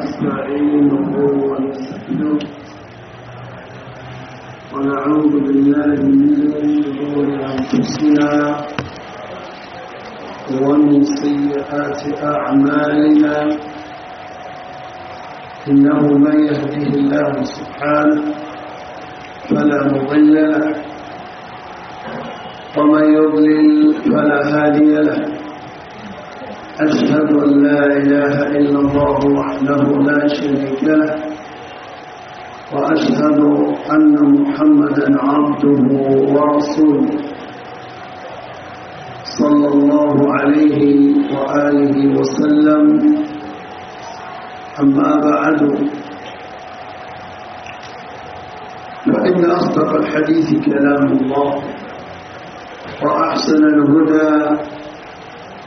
ونستعينه ونستغفره ونعوذ بالله من شرور انفسنا ومن سيئات اعمالنا انه من يهده الله سبحانه فلا مضل له ومن يضلل فلا هادي له أشهد أن لا إله إلا الله وحده لا شريك له وأشهد أن محمدا عبده ورسوله صلى الله عليه وآله وسلم أما بعد فإن أصدق الحديث كلام الله وأحسن الهدى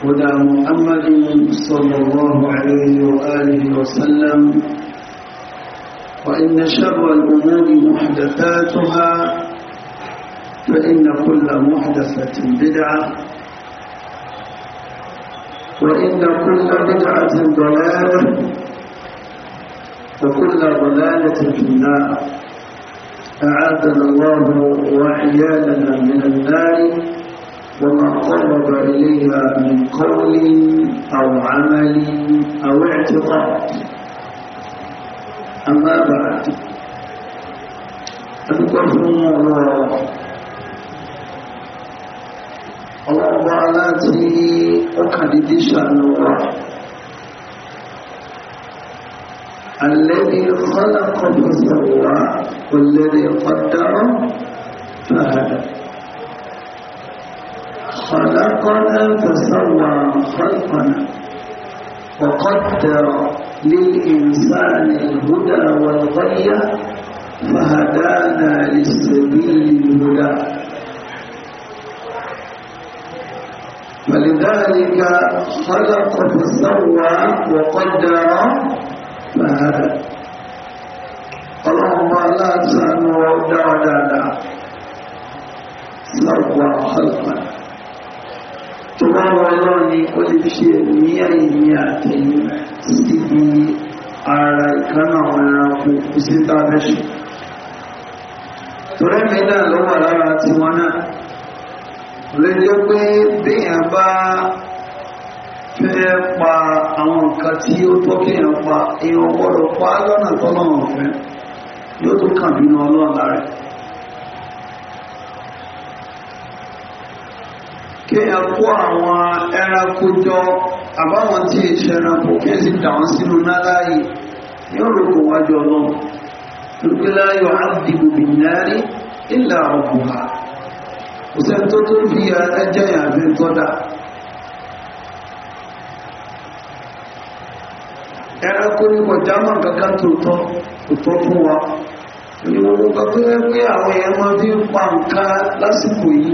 هدى محمد صلى الله عليه وآله وسلم وإن شر الأمور محدثاتها فإن كل محدثة بدعة وإن كل بدعة ضلالة وكل ضلالة في النار أعاذنا الله وعيالنا من النار وما قرب إليها من قول أو عمل أو اعتقاد أما بعد أذكركم الله الله تعالى تي أكاد الله الذي خلق فسوى والذي قدر فهدى خلقنا فسوى خلقنا وقدر للإنسان الهدى والغية فهدانا للسبيل الهدى فلذلك خلق فسوى وقدر فهدى اللهم لا تسأل ودعنا لنا سوى خلقنا tó bá wà lọ́rùn ni ó lè fi ṣe ní àyíní àtẹ̀yìn síbi ara ìkánná àwọn ẹranko kò sí tá a fẹ́ ṣe torí mi náà ló wà lára tiwọn náà lè jẹ́ pé béèyàn bá fẹ́ pa àwọn nǹkan tí ó tọ́ kéèyàn pa èèyàn gbọ́dọ̀ pa lọ́nà tọ́lọ́run ọ̀fẹ́ yóò tó kàn bínú ọlọ́run rẹ̀. kéèyàn kó àwọn ẹranko jọ àbáwọn tí ì ṣe ẹranko kéèyàn sì dà wọn sínú náláyè yóò rò kó wájú ọlọ́run lókè láyọ̀ á bìnnárí ìlà ọ̀gbọ̀n ha kò sẹ́ni tó tó fi ẹjẹ́ yàn àbí tọ́da ẹranko ní kọjá máa kankan fún wa ìwọ̀n gbogbo pé àwọn èèyàn máa fi ń pa nǹkan lásìkò yìí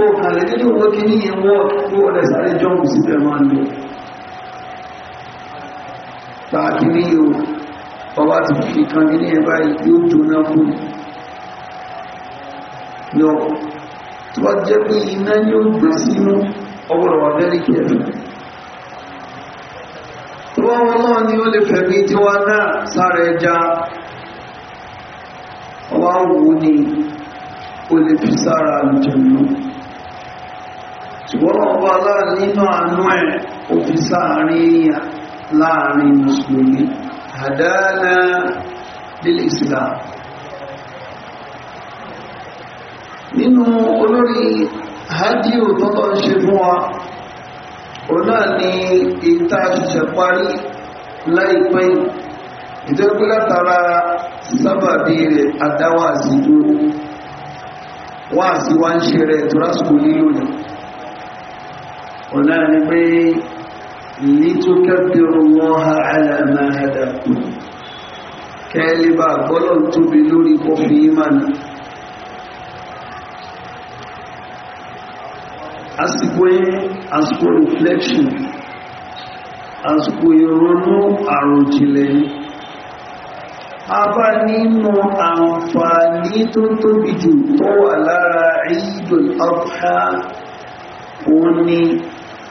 ó kàlẹ̀ nínú owó kí ní ìwọ́ tó ọ̀dẹ̀ sáré jọ́mù sí bẹ̀rẹ̀ máa lò pàákì ní o ọba ti fi kan ní ẹ̀bá yóò jóná fún lọ tó wá jẹ́ pé iná ní ó gbé sínú ọgbọ̀rọ̀ wà fẹ́ líkì náà ni ó lè fẹ̀mí tí wá náà sára ẹja ọba wò ní ó lè fi sára àlùjẹ̀ wọ́n ọba aláà nínú àánú ẹ̀ òfin sáàrin èèyàn láàrin mùsùlùmí àdáná lílé islam nínú olórin hádíò tọ́tọ́ ń ṣe fún wa o náà ni ìta parí láìpẹ́ ìjọba látara sábàbí rẹ̀ sí wá wá òun لي ni الله على ما هداكم كالبا قولوا تبلوا لكم في إيمان àsìkò yẹn àsìkò reflection àsìkò ìrònú àròjìnlẹ̀ ni a bá nínú àǹfààní tó tóbi jù tó wà lára adha òun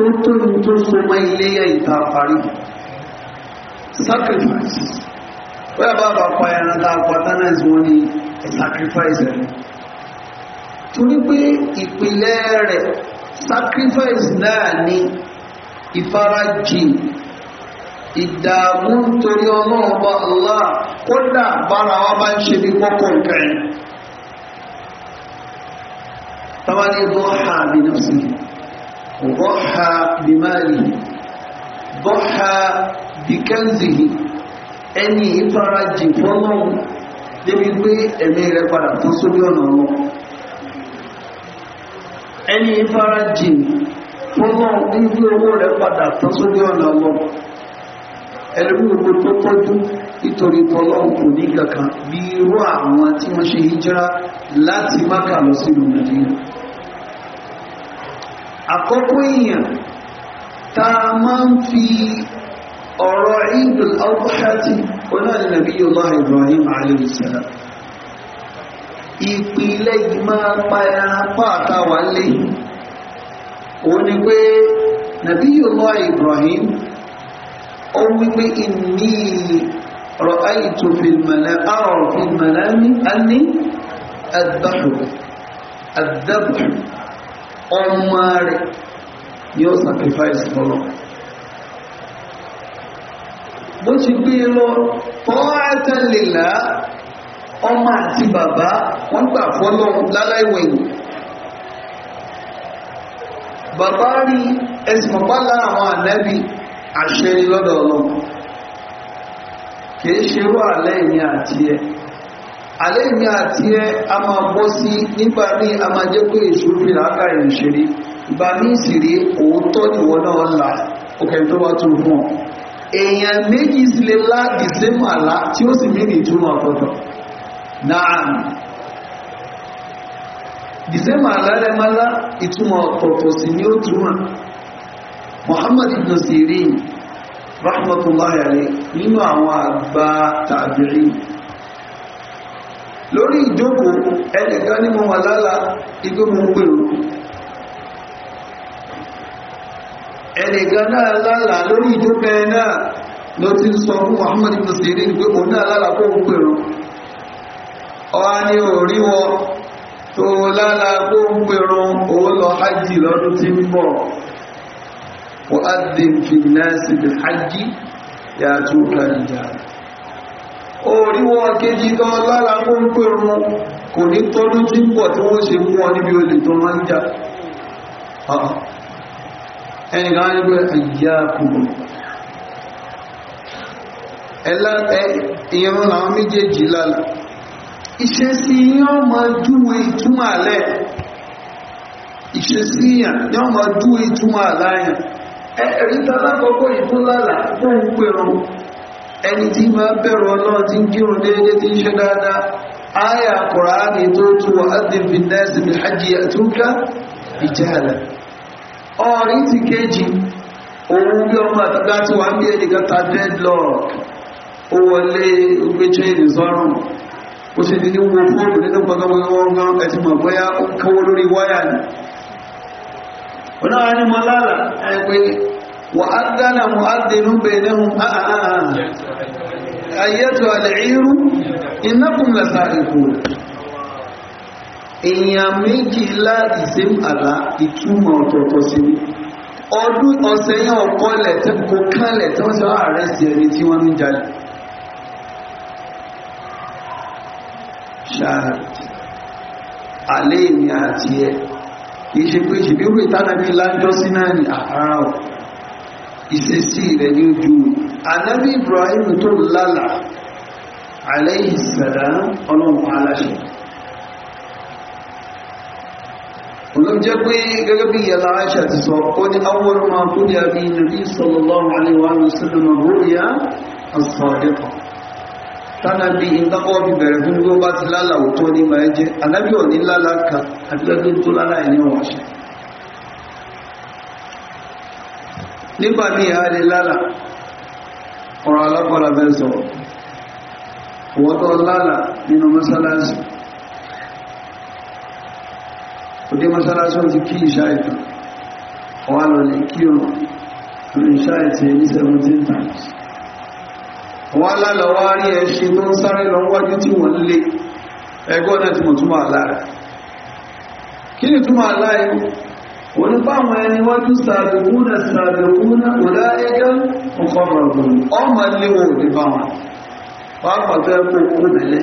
tó tó ní tó so mọ́ iléyà ìta parí sacrifice wọ́n bá bá pa ẹran tá a pa tánà ìsìn ni sacrifice ẹ̀ torí pé ìpìlẹ̀ rẹ̀ sacrifice náà ni ìfarajìn ìdààmú torí ọlọ́run bá Allah kódà bára wa bá ń ṣe bí kọ́kọ́ nǹkan ẹ̀ tọ́wá ní ìbọn sí i. ضحى بماله ضحى بكنزه ẹni ìfarajì fọ́lọ́run débi pé ẹ̀mí rẹ̀ padà fún sórí ọ̀nà lọ ẹni ìfarajì fọ́lọ́run débi owó rẹ̀ padà fún sórí ọ̀nà lọ ẹlẹ́bí tó tọ́jú nítorí kò ní kankan bí irú àwọn tí wọ́n ṣe hijira láti lọ Nàìjíríà àkọ́kọ́ èèyàn tá a máa ń fi ọ̀rọ̀ Eidul Adha tí onáàlì Nabiyullah Ibrahim alayhi salam ìpìlẹ̀ yìí máa pa ẹran pàtà wà lé òun ni pé Nabiyullah Ibrahim ó ọmarị yọ ni ó sacrifice fọ́lọ̀ bó ti gbé lọ ta'atan lillah àti bàbá wọn gbà fọ́lọ̀ láláìwẹ̀yìn bàbá àwọn ànábì àṣẹ lọ́dọ̀ ọlọ́run kìí ṣerú àti ẹ àlémi àti ẹ a máa bọ́ sí nígbà ní a ma jẹ́ pé èṣù fi làákà ìrìn ṣeré na ní ìsìrí òótọ́ ìwọ náà là òkèm tó bá tún fún ọ èèyàn méjì sí lè lá the àlá tí ó sì mí ní ìtumọ̀ ọ̀tọ̀ọ̀tọ̀ náà the same àlá lẹ́mọ́lá ìtumọ̀ ó lórí ìjókòó ẹnìkan ní mo wà lálá igbó mo pèrò ẹnìkan náà lálá lórí ìjókòó ẹ náà ló ti sọ fún Muhammad ibn Sirin pé òun náà lálá kó pèrò ọwá ní orí tó lálá kó pèrò hajj ń wọ́n á dín hajj yàtúkà oríwọ kejì kan lára kó ń pè rún kò ní tọ́lú tí pọ̀ tí wọ́n ṣe mú ọ níbi olè tó máa ń jà ẹnìkan ní pé àyíyá kùnú ìyẹn àwọn méjèèjì lára ìṣesí yóò máa júwe ìtumọ̀ alẹ́ yàn máa júwe ìtumọ̀ ẹni tí ma bẹ̀rù ọlọ́run tí ń kírun déédéé tí ń ṣe dáadáa áyà kùránì tó ya wà ádìí fìdẹ́sì bí hajj àtúnkà ìjàlá ọ̀rí ti kéjì òun bí ọmọ àtàgbà tí ní kọwọ́ lórí wáyà ọ̀nà ẹgbẹ́ وأذن مؤذن بينهم أأآ أيتها العير إنكم لسائقون èèyàn méjìlá ìsẹ́m àlá ìtumọ̀ ọ̀tọ̀ọ̀tọ̀ sí ní ọdún ọ̀sẹ̀ yẹn ọ̀kọ́lẹ̀ tí kò kánlẹ̀ tí wọ́n sì ààrẹ sí ẹni tí wọ́n ń jalè ṣáàtì alẹ́ èmi àti ẹ kì í ṣe ìtànàbí lájọ́sí náà ìṣesí rẹ̀ ní ojú anábì ibrahim tó lálà alayhi salam ọlọ́run aláṣẹ olóòjẹ́ pé gẹ́gẹ́ bí yàrá aṣà ti sọ ó ní awọ́rọ̀ máa kú ní àbí nàbí sallallahu alaihi wa sallam àbúrúyà asọ̀dẹ́kọ̀ tánàbí ìdákọ́ bí bẹ̀rẹ̀ fún gbogbo bá ti lálà òótọ́ ní máa jẹ́ anábì ò ní lálà kan àti lẹ́gbẹ́ tó lálà ẹ̀ ní ọ̀wọ̀ṣẹ́ nígbà ní ìhàlẹ̀ lálà ọ̀rọ̀ alápọ̀lá fẹ́ sọ ọ̀wọ́tọ̀ lálà nínú mọ́sálásí òdé mọ́sálásí ó ti kí ìṣá ìtàn ọwá lọ lè kí o lórí ìṣá ìtì ní 17 times ọwá lálà wá rí ẹṣin tó ń sáré lọ wájú tí wọ́n lé ẹgbọ́n náà ti mọ̀ túmọ̀ àlá rẹ̀ kí ni túmọ̀ àlá yìí onífàwọn ẹni wọ́n tún sàbẹ̀kúnà sàbẹ̀kúnà ọ̀dá ẹjọ́ ọkọ̀mọ̀gbọ̀n ọmọ léwọ̀ onífàwọn pàápàá tó ẹkùn òkú mẹ́lẹ́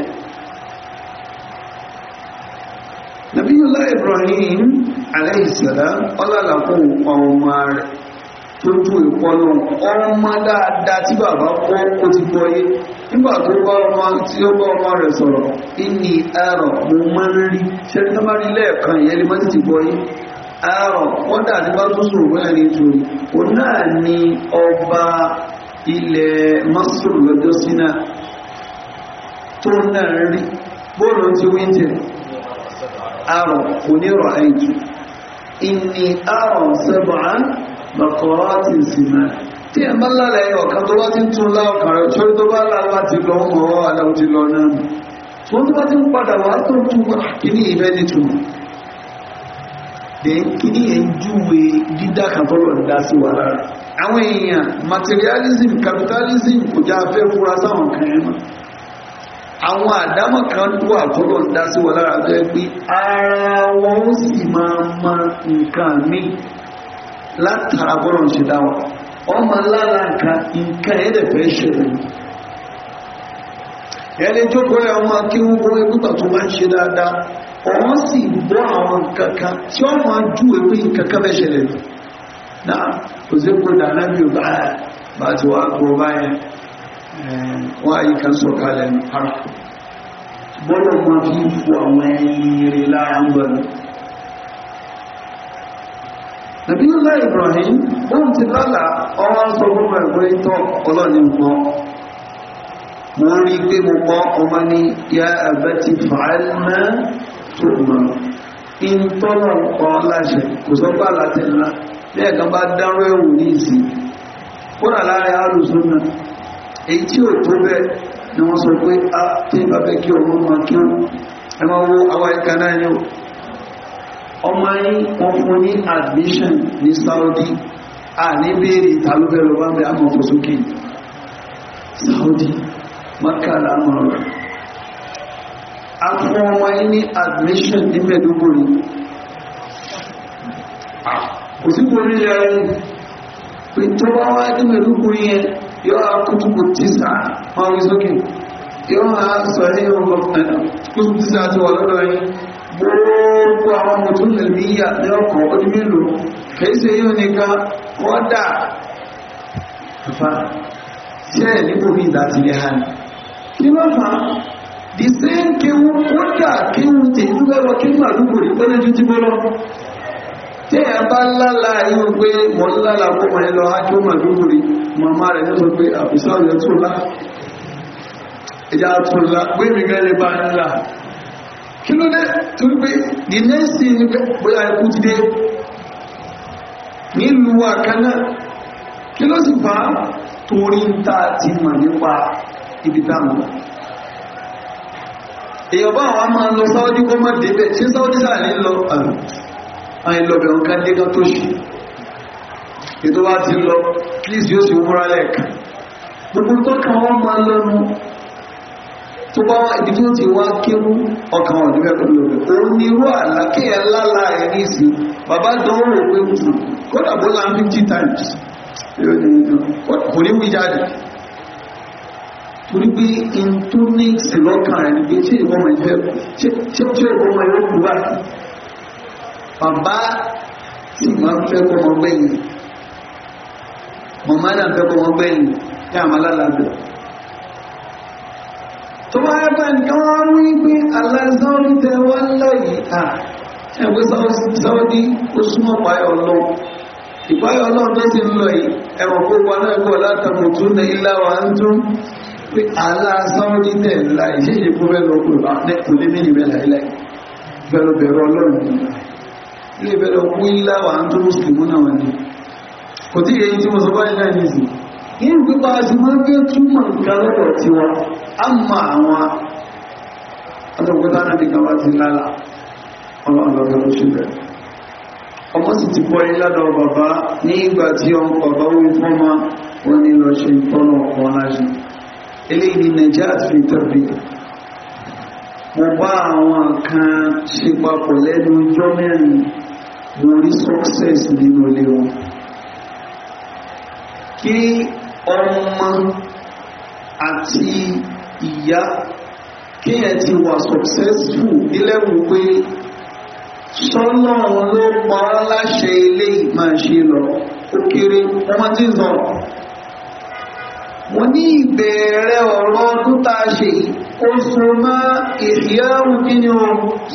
nàbíyànlá Ibrahim aláìsàlá ọlálàkùn ọmọ rẹ̀ tó tú ìpọ́nà ọmọ dáadáa tí bàbá kọ́ ó ti kọ́yé nígbà tó bá ọmọ tí ó bá ọmọ rẹ̀ sọ̀rọ̀ ìní ẹ̀rọ mo máa rí ṣẹ́ni tó bá rí lẹ́ẹ̀kan ìyẹn lè má tètè kọ́yé àrọ̀ kọ́dà tí bá tún sùn ní ni ọba ilẹ̀ Masr lọ́jọ́ sínà tó náà rí bóòlù ti wíńtẹ̀ aro onírọ̀ àìjù inni àrọ̀ sẹ́bàá bàkọ̀rọ̀ àti ìsinmi tí ẹ bá lálẹ́ ọ̀kan tó ti tún tí tó bá lálá ti lọ mọ́ ti lọ náà tó tó bá ti ń padà wá tó tún kíní ẹ̀ ń júwe dídá kan tọ́rọ̀ ń dá wa lára àwọn èèyàn materialism capitalism ko já fẹ fúra sáwọn kan ẹ̀ mọ́ àwọn àdámọ̀ kan tó àtọ́rọ̀ ń dá sí wa lára tó yẹ pé ara wọn ó sì máa ma nǹkan mi látara bọ́rọ̀ ń ṣe dá wọn ọmọ lára nǹkan nǹkan ẹ̀ẹ́dẹ̀fẹ́ ṣẹlẹ̀ ẹni jókòó rẹ̀ ọmọ kí wọ́n fún ẹgbùtà tó máa ń ṣe dáadáa ọ̀hún sì bọ́ àwọn kankan tí ó máa jú ẹgbẹ́ kankan bẹ́ ṣẹlẹ̀ náà kò sí kó dáná bí ó bá ti wá wọ́n bọ́lọ̀ máa fi àwọn ẹ̀yìn rẹ̀ mo rí pé mo kọ́ ọmọ ní yá àbẹ́tì fàálmẹ́ tó mọ̀ in tọ́lọ̀ kọ́ láṣẹ kò sọ́pá láti ńlá bí ẹ̀kan bá dáró ẹ̀wù ní ìsìn kódà láàrin alùsùn náà èyí tí ò tó bẹ́ẹ̀ ni wọ́n sọ pé a tí bá fẹ́ kí ọmọ máa kí wọn ẹ máa wo àwọn ẹ̀ka náà ni ó ọmọ yín wọ́n fún ní admission ní Saudi a ní béèrè ìtàlúbẹ̀rẹ̀ wọ́n bẹ àmọ́ fòsókè Saudi maka làwọn ọ̀rọ̀ afọ ọmọ yín ní admission ní mẹ́ẹ̀dógún ni kò sí kò nílẹ̀ ayé pé tó bá wá ní mẹ́ẹ̀dógún yẹn yóò á kútùkù tíṣà wọn wí sókè yóò á sọ ẹyọ ọgbọ̀n kútùkù tíṣà ti wà lọ́dọ̀ yín gbogbo àwọn mutum lè ní yà ní ọkọ̀ ọdún mélòó kìí ṣe yóò nìkan wọ́n dà fà ṣẹ́ẹ̀ níbo mi ìdá ti lè hàn kí ló fà á the same kéwu kódà kéwu tèjú lẹ́wọ́ kí ní àdúgbò rí tẹ́lẹ̀ ju ti bọ́ lọ tí ẹ bá lálà yíò pé mọ̀ lálà kó mọ̀ lọ ájú mọ̀ àdúgbò rí màmá rẹ̀ ní sọ pé àbùsá rẹ̀ tó lá ẹja tó lá pé mi gẹ́lẹ́ bá ń là kí ló dé torí pé the next thing ni pé bóyá ikú ti dé nílùú àkànná kí ló sì fà á torí ń ta àti mọ̀ nípa ibi táwọn lọ èyàn bá àwọn máa lọ sáwọ́dí kó má débẹ̀ tí sáwọ́dí sáà ní lọ àrùn àwọn ìlọ̀bẹ̀ ọ̀ká dé ká tó ṣù ètò wá ti lọ please yóò sì múra lẹ́ẹ̀kan gbogbo tó kàn wọ́n máa lọ́nu tó bá wá ibi tí ó ti wá kéwú ọkàn ọ̀dún mẹ́kọ̀ lọ́wọ́ òun ni irú àlákẹ́yẹ lálá rẹ̀ ní ìsìn bàbá dánwò pé kódà bó lá 50 times kò ní wí jáde torí pé intonics lọ́kàn rẹ̀ níbi tí ìwọ́n mọ̀ ìfẹ́ tí ìwọ́n mọ̀ yóò kú báyìí bàbá tí màá fẹ́ kọ́ ọmọ gbẹ̀yìn màmá náà fẹ́ kọ́ ọmọ gbẹ̀yìn ní àmàlálàgbẹ̀ tó bá yẹ báyìí kí wọ́n rí pé aláìsàn tẹ wá lẹ́yìn à ẹgbẹ́ sáwọ́dí ó súnmọ́ páyọ̀ lọ ìpáyọ̀ ọlọ́run tó ti ń lọ yìí ẹ̀wọ̀n kó wọlé ẹ̀kọ́ látàkùn tún ní ilá wa ń tún pé aláàsáwọ́ ní tẹ̀lá ìṣẹ́ṣẹ́ kó fẹ́ lọ kó bá lẹ́kùn lé méjì bẹ́ẹ̀ láìláì bẹ̀rọ bẹ̀rọ ọlọ́run ilé bẹ̀rọ kú ilá wà ń tó mùsùlùmí náà wà ní kò tí èyí tí mo sọ báyìí náà nìsí ní pípa àti máa ń gbé túmọ̀ nǹkan lọ́dọ̀ tiwa á mọ àwọn ọlọ́gbọ́tà náà nìkan wá ti lálà ọlọ́run lọ́gbọ́n ló ṣe bẹ̀rẹ̀ ọmọ sì ti bọ́ ilá lọ bàbá ní ìgbà tí ọmọ bàbá wí fọ́mọ wọn ni lọ ṣe ìtọ́nà ọkọ̀ láṣẹ eléyìí ni najat fi tẹ̀bi mo bá àwọn kan ṣe papọ̀ lẹ́nu ọjọ́ mẹ́rin mo rí success nínú ilé wọn kí ọmọ àti ìyá kí ẹ ti wà successful nílẹ̀ wò pé sọ́nà ló pa ọ́ láṣẹ ilé ìmáṣe lọ ó kéré ọmọ tí sọ̀rọ̀ mo ní ìbẹ̀rẹ̀ ọ̀rọ̀ ọdún tá a ṣe ó so mọ́ ìhìyàwó kí ni ó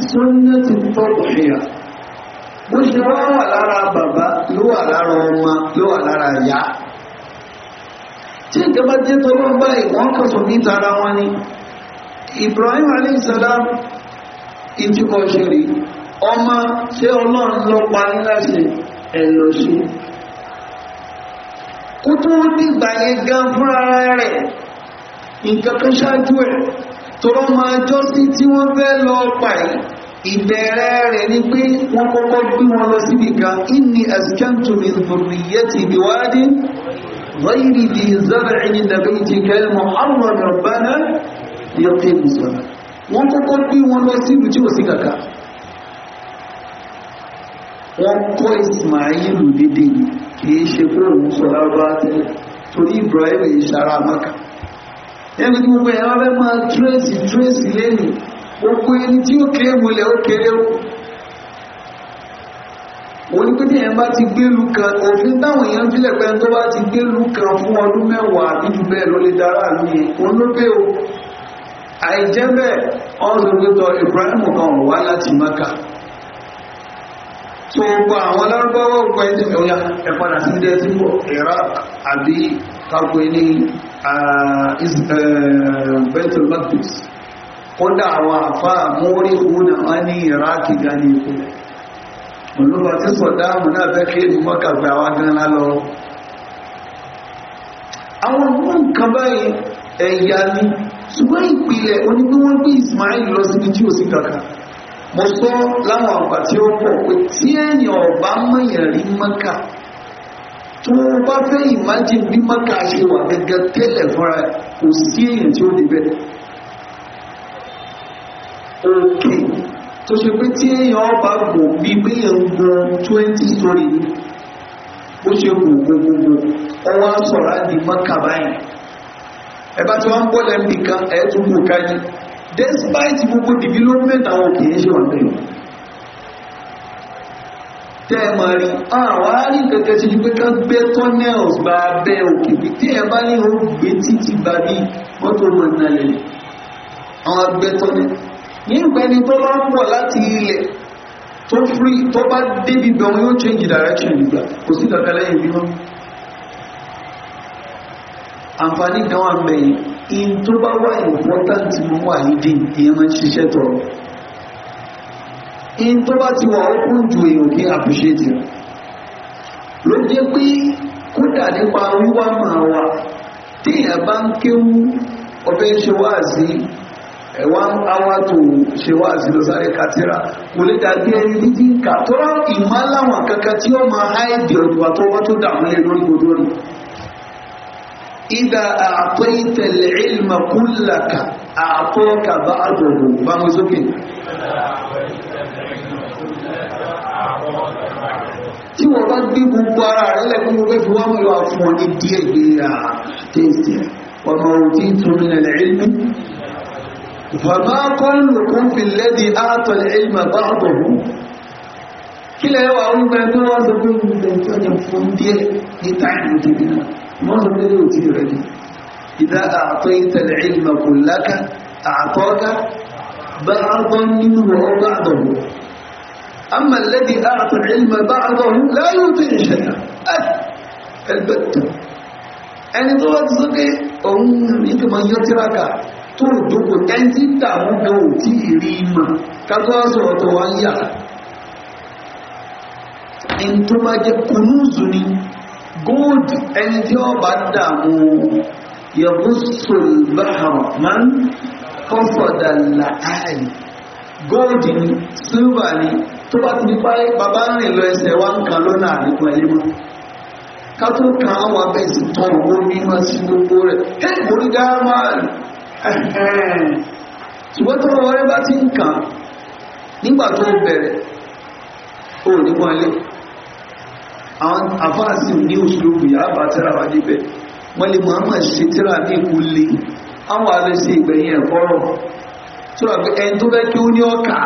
súnmọ́ ti tọ́pọ̀ fìyà bó ṣe wá wà lára bàbá ló wà lára ọmọ ló wà lára ìyá tí nǹkan jẹ́ tọ́lọ́ báyìí wọ́n kàn sọ ní tara wọn ni Ibrahim aleyhisselam ìtukọ̀ ṣe rí ọmọ ṣé ọlọ́run ló pa ní láṣẹ ẹ̀ lọ sí kó tó dìgbà yẹn gan fúnra rẹ̀ nǹkan kan ṣáájú ẹ̀ tọ́rọ máa jọ́sí tí wọ́n fẹ́ lọ pàì ìbẹ̀rẹ̀ rẹ̀ ni pé wọ́n kọ́kọ́ gbé wọn lọ síbi kan inni askantu min dhurriyyati biwadin ghayri dhi zar'in inda baytika al-muharram rabbana liyaqimu as-salah wọ́n kọ́kọ́ gbé wọn lọ síbi tí ò sí kàkà wọ́n kọ́ Ismailu dédé yìí kìí ṣe pé òun sọ lárúbá tẹ́lẹ̀ torí Ibrahim yìí ṣara maka ẹni gbogbo ẹ̀ wọ́n fẹ́ máa tírèsì tírèsì lẹ́nu gbogbo ẹni tí ó kéré mulẹ̀ ó kéré ó wọ́n ní pété yẹn bá ti gbélu kan òfin táwọn èèyàn fílẹ̀ pé tó bá ti gbélu kan fún ọdún mẹ́wàá nínú bẹ́ẹ̀ ló lè dára ní olóbẹ́ o àìjẹ́ bẹ́ẹ̀ ọ̀rọ̀ ìgbẹ́tọ̀ Ibrahim kan wá láti maka tí gbogbo àwọn lárúbáwọ́ nǹkan ẹni tẹ̀lé ọ̀yà ẹ̀padà sí ilé iraq àbí kápò ní ah, eh, Baitul Maqdis kódà àwọn àfá mórí òun àwọn ní iraq gan ìpínlẹ̀ olúwa tí sọ̀dáàmù gan mo sọ láwọn àgbà tí ó pọ̀ pé tí èèyàn ọba mọ̀yàn rí mọ́kà tó bá fẹ́ imagine bí mọ́kà ṣe wà gẹ́gẹ́ tẹ́lẹ̀ fúnra kò sí èèyàn tí ó débẹ̀ òkè tó ṣe pé tí èèyàn ọba gùn bíi pé èèyàn twenty story bó ṣe gùn gbogbogbò ọwọ́ sọ̀rọ̀ àdìmọ́kà báyìí ẹ bá tí wọ́n ń bọ́lẹ̀ nìkan ẹ̀ tún gùn káyìí despite gbogbo development àwọn òkè ṣe wà nílò tẹ́ ma rí àwọn àárí kẹ́kẹ́ sí pé ká gbé tunnels bá abẹ́ òkè bí tí ẹ bá ní ó gbé títí bá bí mọ́tò mọ̀ nálẹ̀ àwọn agbẹ́ tunnel ní ìgbẹ́ni tó bá ń pọ̀ láti ilẹ̀ tó free tó bá débi bẹ̀ wọn yóò change direction nígbà kò sí kàkà lẹ́yìn bí wọn àǹfààní kan wà in tó bá wà important mú wà níbi èèyàn máa ṣiṣẹ́ tọrọ in tó bá ti wà ókún ju èèyàn kí appreciate ló jẹ́ pé kódà nípa wíwá máa wà téèyàn bá ń kéwú ọbẹ̀ ṣe wá sí awa tó ṣe wá sí lọ́sàrẹ́ kò lè dàbí ẹni kàtọ́rọ̀ kankan tí ó máa háìdì ọ̀dùwà tó wọ́n tó dàmú lórí gbogbo إذا أعطيت العلم كلك أعطاك بعضه بمزوكي tí wọ́n bá gbé gbogbo ara rẹ̀ lẹ́gbẹ́ gbogbo fi wọ́n mọ̀ fún ọdí díẹ̀ gbé à tẹ́sì ọmọ òtí túnmí nà lẹ́ẹ̀lẹ́mí bàbá kọlùkún fi lẹ́dí àtọ̀ lẹ́ẹ̀lẹ́mà bá ọ̀bọ̀n kí lẹ́wàá ń gbẹ́ tó wọ́n sọ pé gbogbo ìjọ́jọ fún díẹ̀ ní táìmù tìbí náà mọ́sán lé òtí rẹ̀ ni ìdá àtọ́ ìtẹ̀lẹ̀ ìlmà kò láká àtọ́ká bá àtọ́ nínú wọ́n bá àdọ̀wọ́ أما الذي أعطى العلم بعضه لا يطيع شيئا البتة ẹni tó wá ti sọ pé òun nígbà máa yọ tíraka tó dókò ẹni tí ń dààmú gan ò tí ì rí mà kákọ́ sọ̀rọ̀ tó wá ń yà ẹni tó máa jẹ kùnúùsù ni gold ẹni tí ó bá dààmú yẹ̀bùsù báhàrù máa ń kọ́sọ̀dà làáàrí gold ni silver ni tó bá ti di páyé bàbá rìn lọ ẹsẹ̀ wá ń kan lọ́nà àríkún ẹyẹ mọ́ ká tó kan àwọn abẹ́ sí tán owó mímọ́ sí gbogbo rẹ̀ ẹ̀ borí gáàmárì ṣùgbọ́n tó rọrẹ́ bá ti ń kàn nígbà tó bẹ̀rẹ̀ ò ní wọlé àwọn afáàsì ní òṣèlú yàbá tíra wà níbẹ̀ wọ́n lè Muhammad ṣe tíra ní ìkúlé àwọn alẹ́ sí ìgbẹ̀yìn ẹ̀kọ́rọ̀ tíra pé ẹni tó fẹ́ kí ó ní ọkà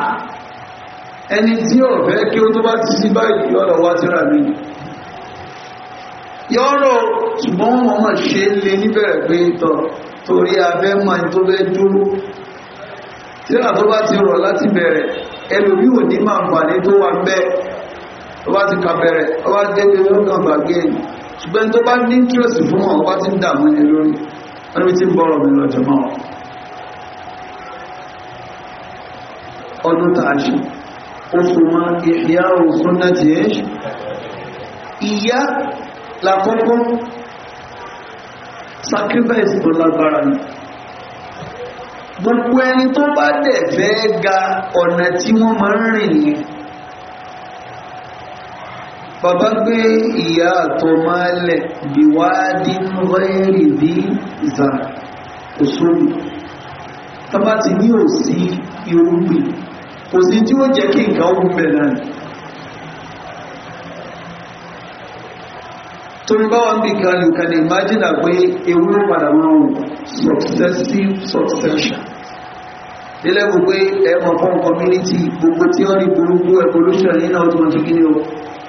ẹni tí ó fẹ́ kí ó tó bá ti sí báyìí yọ́rọ̀ wá tíra mi yọ́rọ̀ ṣùgbọ́n wọn mọ̀ ṣe lé níbẹ̀rẹ̀ pé tọ̀ torí abẹ́ mọ̀ tó fẹ́ dúró tíra tó bá ti rọ̀ láti bẹ̀rẹ̀ ẹlòmí ní máa tó wà bẹ́ẹ̀ tó bá ti kàbẹ̀rẹ̀ ó bá dé pé ó kàn gbàgbé ni ṣùgbọ́n tó bá ní interest fún wọn ọba ti ń dààmú ni lórí wọn níbi tí ń bọ̀rọ̀ mi lọ́jọ́ mọ́ ọdún tàà oṣù wọn ìyá òṣùn náà ti ẹ́ ìyá lákọ́kọ́ sacrifice tó lágbára ni gbogbo ẹni tó bá dẹ̀ fẹ́ ga ọ̀nà tí wọ́n máa ń rìn nìyẹn bàbá gbé ìyá àtọ̀ máa lẹ̀ bí wá dín rẹ́rì bí ìzà òṣòrò tàbá ti ní ò sí irúgbìn kò sí tí ó jẹ́ kí nǹkan ó bẹ̀ náà tó ń bá wọn bí kan you can imagine pé ewúro padà wọn ò successive succession nílẹ̀ gbogbo ẹ̀mọ̀ fún community gbogbo tí ó rí burúkú evolution nínú automatic ní o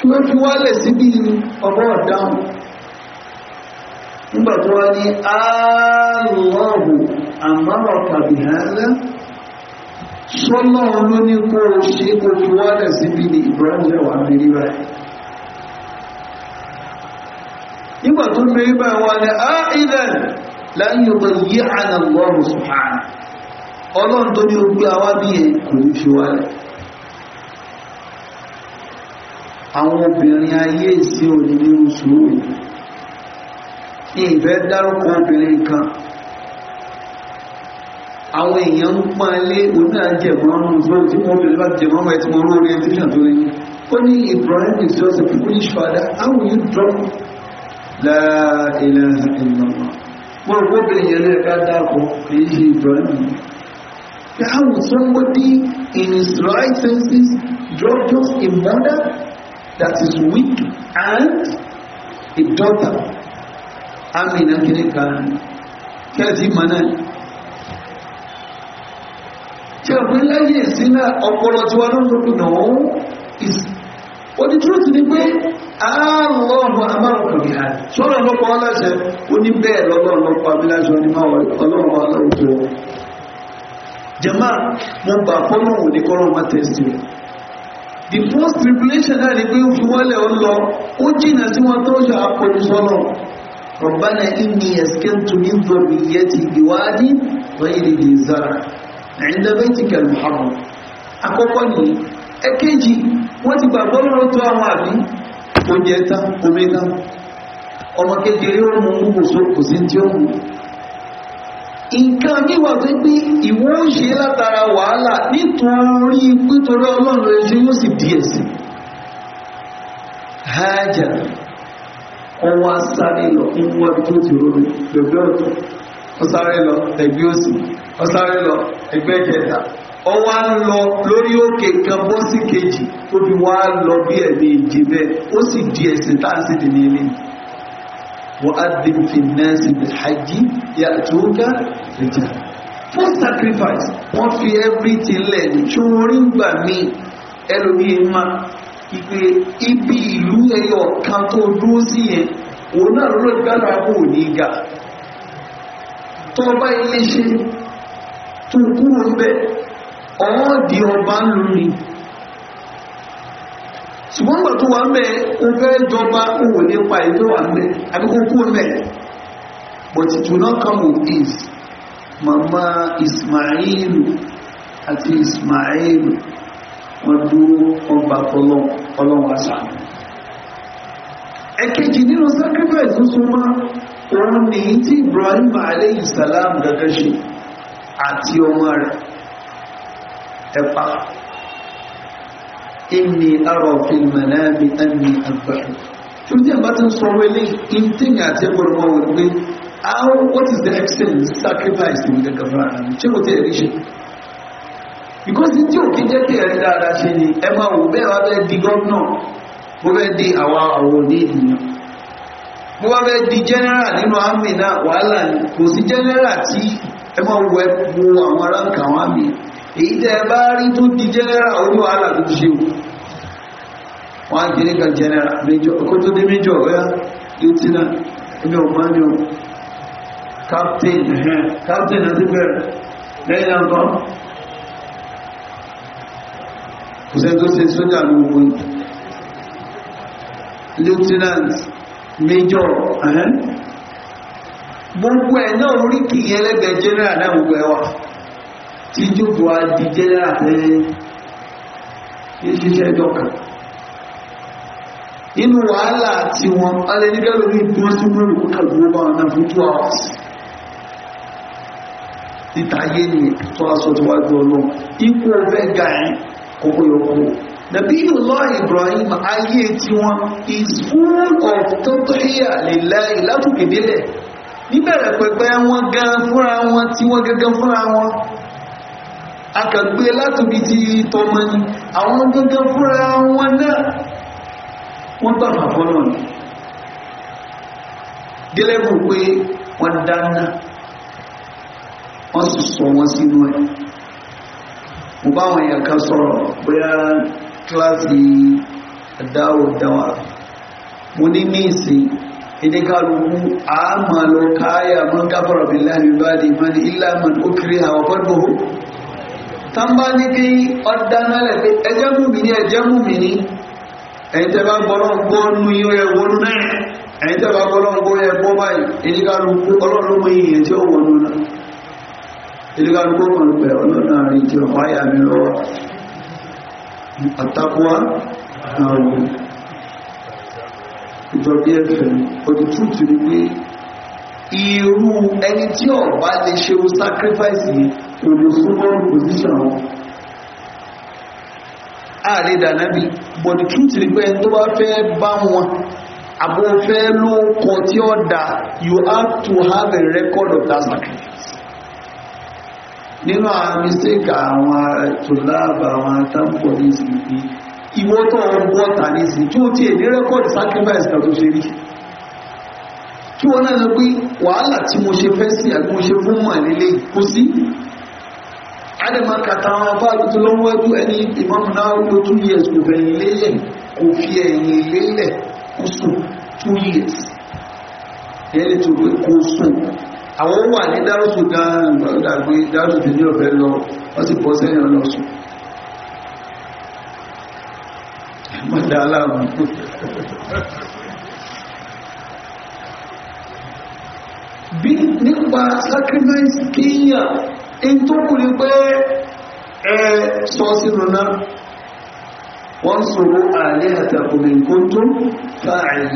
tí wọ́n fi wálẹ̀ síbí ọ̀bọ̀ ọ̀dáhùn nígbà tó wá ní aláàrù àmọ́rọ̀ tàbí hálẹ́ sọ́lọ́ ló ní kó o ṣe kó fi wálẹ̀ síbí ní Ibrahim wà mérí báyìí tó ní àwọn obìnrin ayé sí òní ní oṣù ní ìfẹ́ dárúkọ obìnrin kan àwọn èèyàn ń pọ́n lé onídàájẹ̀mọ́ ọ̀run fún tí wọ́n bẹ̀rẹ̀ láti jẹ̀mọ́ ọmọ ẹ̀ tí wọ́n rú orientation tó rí ó ní Ibrahim is just a foolish father how will you drop la ilaha illallah mo rò pé obìnrin lè ká dárúkọ kì ṣe Ibrahim how will somebody in his right senses drop just a murder that is weak and a daughter amina kiri kan kẹ́ẹ̀tì mọ̀ náà tí a pín láyé ìsínà ọpọlọ tí wọ́n lórí náà òní truth ni pé aláwọ̀ amárọ̀kùnrin àti sọ́rọ̀ lọ́pọ̀ aláṣẹ ó ní bẹ́ẹ̀ lọ́lọ́rọ̀ lọ́pọ̀ abiláṣọ ní máa ọlọ́rọ̀ aláwọ̀ jẹ́mà mo bà fọ́nà òní kọ́rọ̀ má tẹ́sì rẹ̀ the first tribulation náà ni pé ó fi wọ́lẹ̀ ó lọ ó jìnà sí wọn tó yọ àpòlùsọ́nà ربنا إني أسكنت من ذريتي بواد غير ذي زرع عند بيتك المحرم àkọ́kọ́ ni èkejì wọ́n ti gbàgbọ́ lọ́rọ̀ tó àwọn àbí oúnjẹ tán omi tán ọmọ kékeré ó mú kò sí tí ó mú nǹkan níwà tó pé ìwọ́n ń ṣe látara wàhálà nítorí pítorí ọlọ́run rẹ̀ yóò sì díẹ̀ sí hajjá ọwọ́ sáré lọ ọdún tó ti rọrùn lọ́gbẹ́ ọ̀tọ̀ ọsáré lọ ẹgbẹ́ òsì sáré lọ ẹgbẹ́ lọ lórí òkè kan sí kejì ó fi lọ bí ẹ̀mí ìjì bẹ́ẹ̀ ó sì وأذن في الناس بالحج يأتوك رجالا full sacrifice wọ́n fi everything lẹ̀ nítorí gbà mí ẹlòmíì ma ìpè ibi ìlú ẹyọ kan tó dúró sí yẹn òun náà lọ́lọ́ gbára kò ní ga tọba ilé tó kúrò bẹ́ẹ̀ ọ̀ọ́dì ọba ń ṣùgbọ́n gbà tó wà ń bẹ ń fẹ́ jọba òun nípa ètò wà ń bẹ akẹ́kọ̀ọ́ kú but it will not come with ease mama Ismail àti Ismail wọn dúró ọgbà ọlọ́wọ́ àṣà ẹ̀kejì nínú sacrifice tó súnmọ́ òun ní tí Ibrahim alayhi salam gẹ́gẹ́ ṣe àti ọmọ rẹ̀ ẹ̀pà inni arọ̀ fi mẹ́lẹ́mi ẹni àgbàṣù tó ní àbá tí ń sọ wé ní àti ẹgbẹ̀rún wọn wípé how what is the extent sacrifice in the fún ara mi ṣé kò tí ẹ̀rí ṣe because tí ò kí jẹ́ kí ẹ̀rí dáadáa ṣe ni ẹ máa wò bẹ́ẹ̀ wá bẹ́ẹ̀ di gọ́ọ̀nà mo bẹ́ẹ̀ di àwa àwọn òní ènìyàn mo wá bẹ́ẹ̀ di general nínú army náà wàhálà ni kò sí general tí ẹ máa wọ àwọn aráǹkà àwọn army èyí tẹ́ bá rí tó di jẹ́nẹ́rà orí wàhálà ló ṣe o wọ́n á jẹ́ nígbà jẹ́nẹ́rà tó dé ọ̀yá ẹgbẹ́ ni captain captain àti lẹ́yìn náà kò sẹ́ni tó lieutenant major gbogbo ẹ̀ náà orí kìí ẹlẹ́gbẹ̀ẹ́ general náà gbogbo ẹ̀ tí jókòó á di jẹ́nẹ́rà pé ìṣiṣẹ́ ìjọkà inú wàhálà tí wọn alẹ́ nígbà lórí ìdúró sí mú ìrùkú kàgbó bá wọn náà fún two hours títa ayé tó aṣọ tó wájú ọlọ́run ikú ọ̀fẹ́ ga ẹ̀ yọkó nàbí ìlọ́ Ibrahim ayé tí wọn is full of tọ́tọ́yà lèlá ìlàtòkèdélẹ̀ níbẹ̀rẹ̀ pẹ̀pẹ̀ wọn gan akàgbé látòbí ti tọmọ ni àwọn gẹ́gẹ́ fúnra wọn náà wọ́n tàbà fọ́nà ni gẹ́lẹ́bù pé wọ́n dáná wọ́n sì sọ wọ́n sínú ẹ̀ mo bá àwọn èèyàn kan sọ̀rọ̀ bóyá kíláàsì ẹ̀dáwò dáwà mo ní ní ìsìn kálukú àmàlò káyà mọ́ gáfọ̀rọ̀ bí láàrin bá mọ́ ní ó kiri àwọn tán bá ní kí ọ̀dánálẹ̀ pé ẹjẹ́ mú mi ní ẹjẹ́ mú mi ní ẹ̀yìntẹ́ bá gbọ́lọ́n gbọ́ nú yíó ẹwọ́n náà ẹ̀yìntẹ́ bá gbọ́lọ́n gbọ́ ẹgbọ́ báyìí ìdíkàlùkù ọlọ́lọ́mọ èèyàn tí ó wọ̀n nú náà ìdíkàlùkù ọ̀nà pẹ̀ ọlọ́nà àrí tí ó wáyà mi lọ́wọ́ àtàkùwá àwọn ìjọbí ẹ̀fẹ̀ òtútù ti ní pé irú ẹni tí ó bá lè ṣe sacrifice yìí In the sovereign position wọn ààrẹ dànábì but the truth ni pé tó bá fẹ́ bá wọn àbò fẹ́ ló kọ tí ó dà you have to have a record of that sacrifice nínú àwọn mistake àwọn tòlábà àwọn atánpọ̀ ní ìsìnkú ìwọ tó ń bọ́ ta ní ìsìnkú tí ó ti èdè record sacrifice kan tó ṣe rí kí wọ́n náà lọ pé wàhálà tí mo ṣe fẹ́ sí àgbọn ṣe fún mọ̀ lélẹ́yìn kò sí adama kàtà àwọn afáàlú tó lọ́wọ́ wájú ẹni ìmọ̀mù náà ló two years kò fẹ̀yìn lélẹ̀ kò fi ẹ̀yìn lélẹ̀ kò sùn two years yẹ́lẹ̀ tó gbé kò sùn àwọn wà ní dárúsù dáàgbé dárúsù tó ní ọ̀fẹ́ lọ wọ́n sì bọ́ sẹ́yìn lọ sùn mọ̀dá aláàmù bí nípa sacrifice kíyàn in tó kù e, ní pé ẹ sọ sínú náà wọ́n sọ̀rọ̀ àlẹ́ àtàkùnrin kó tó fààyè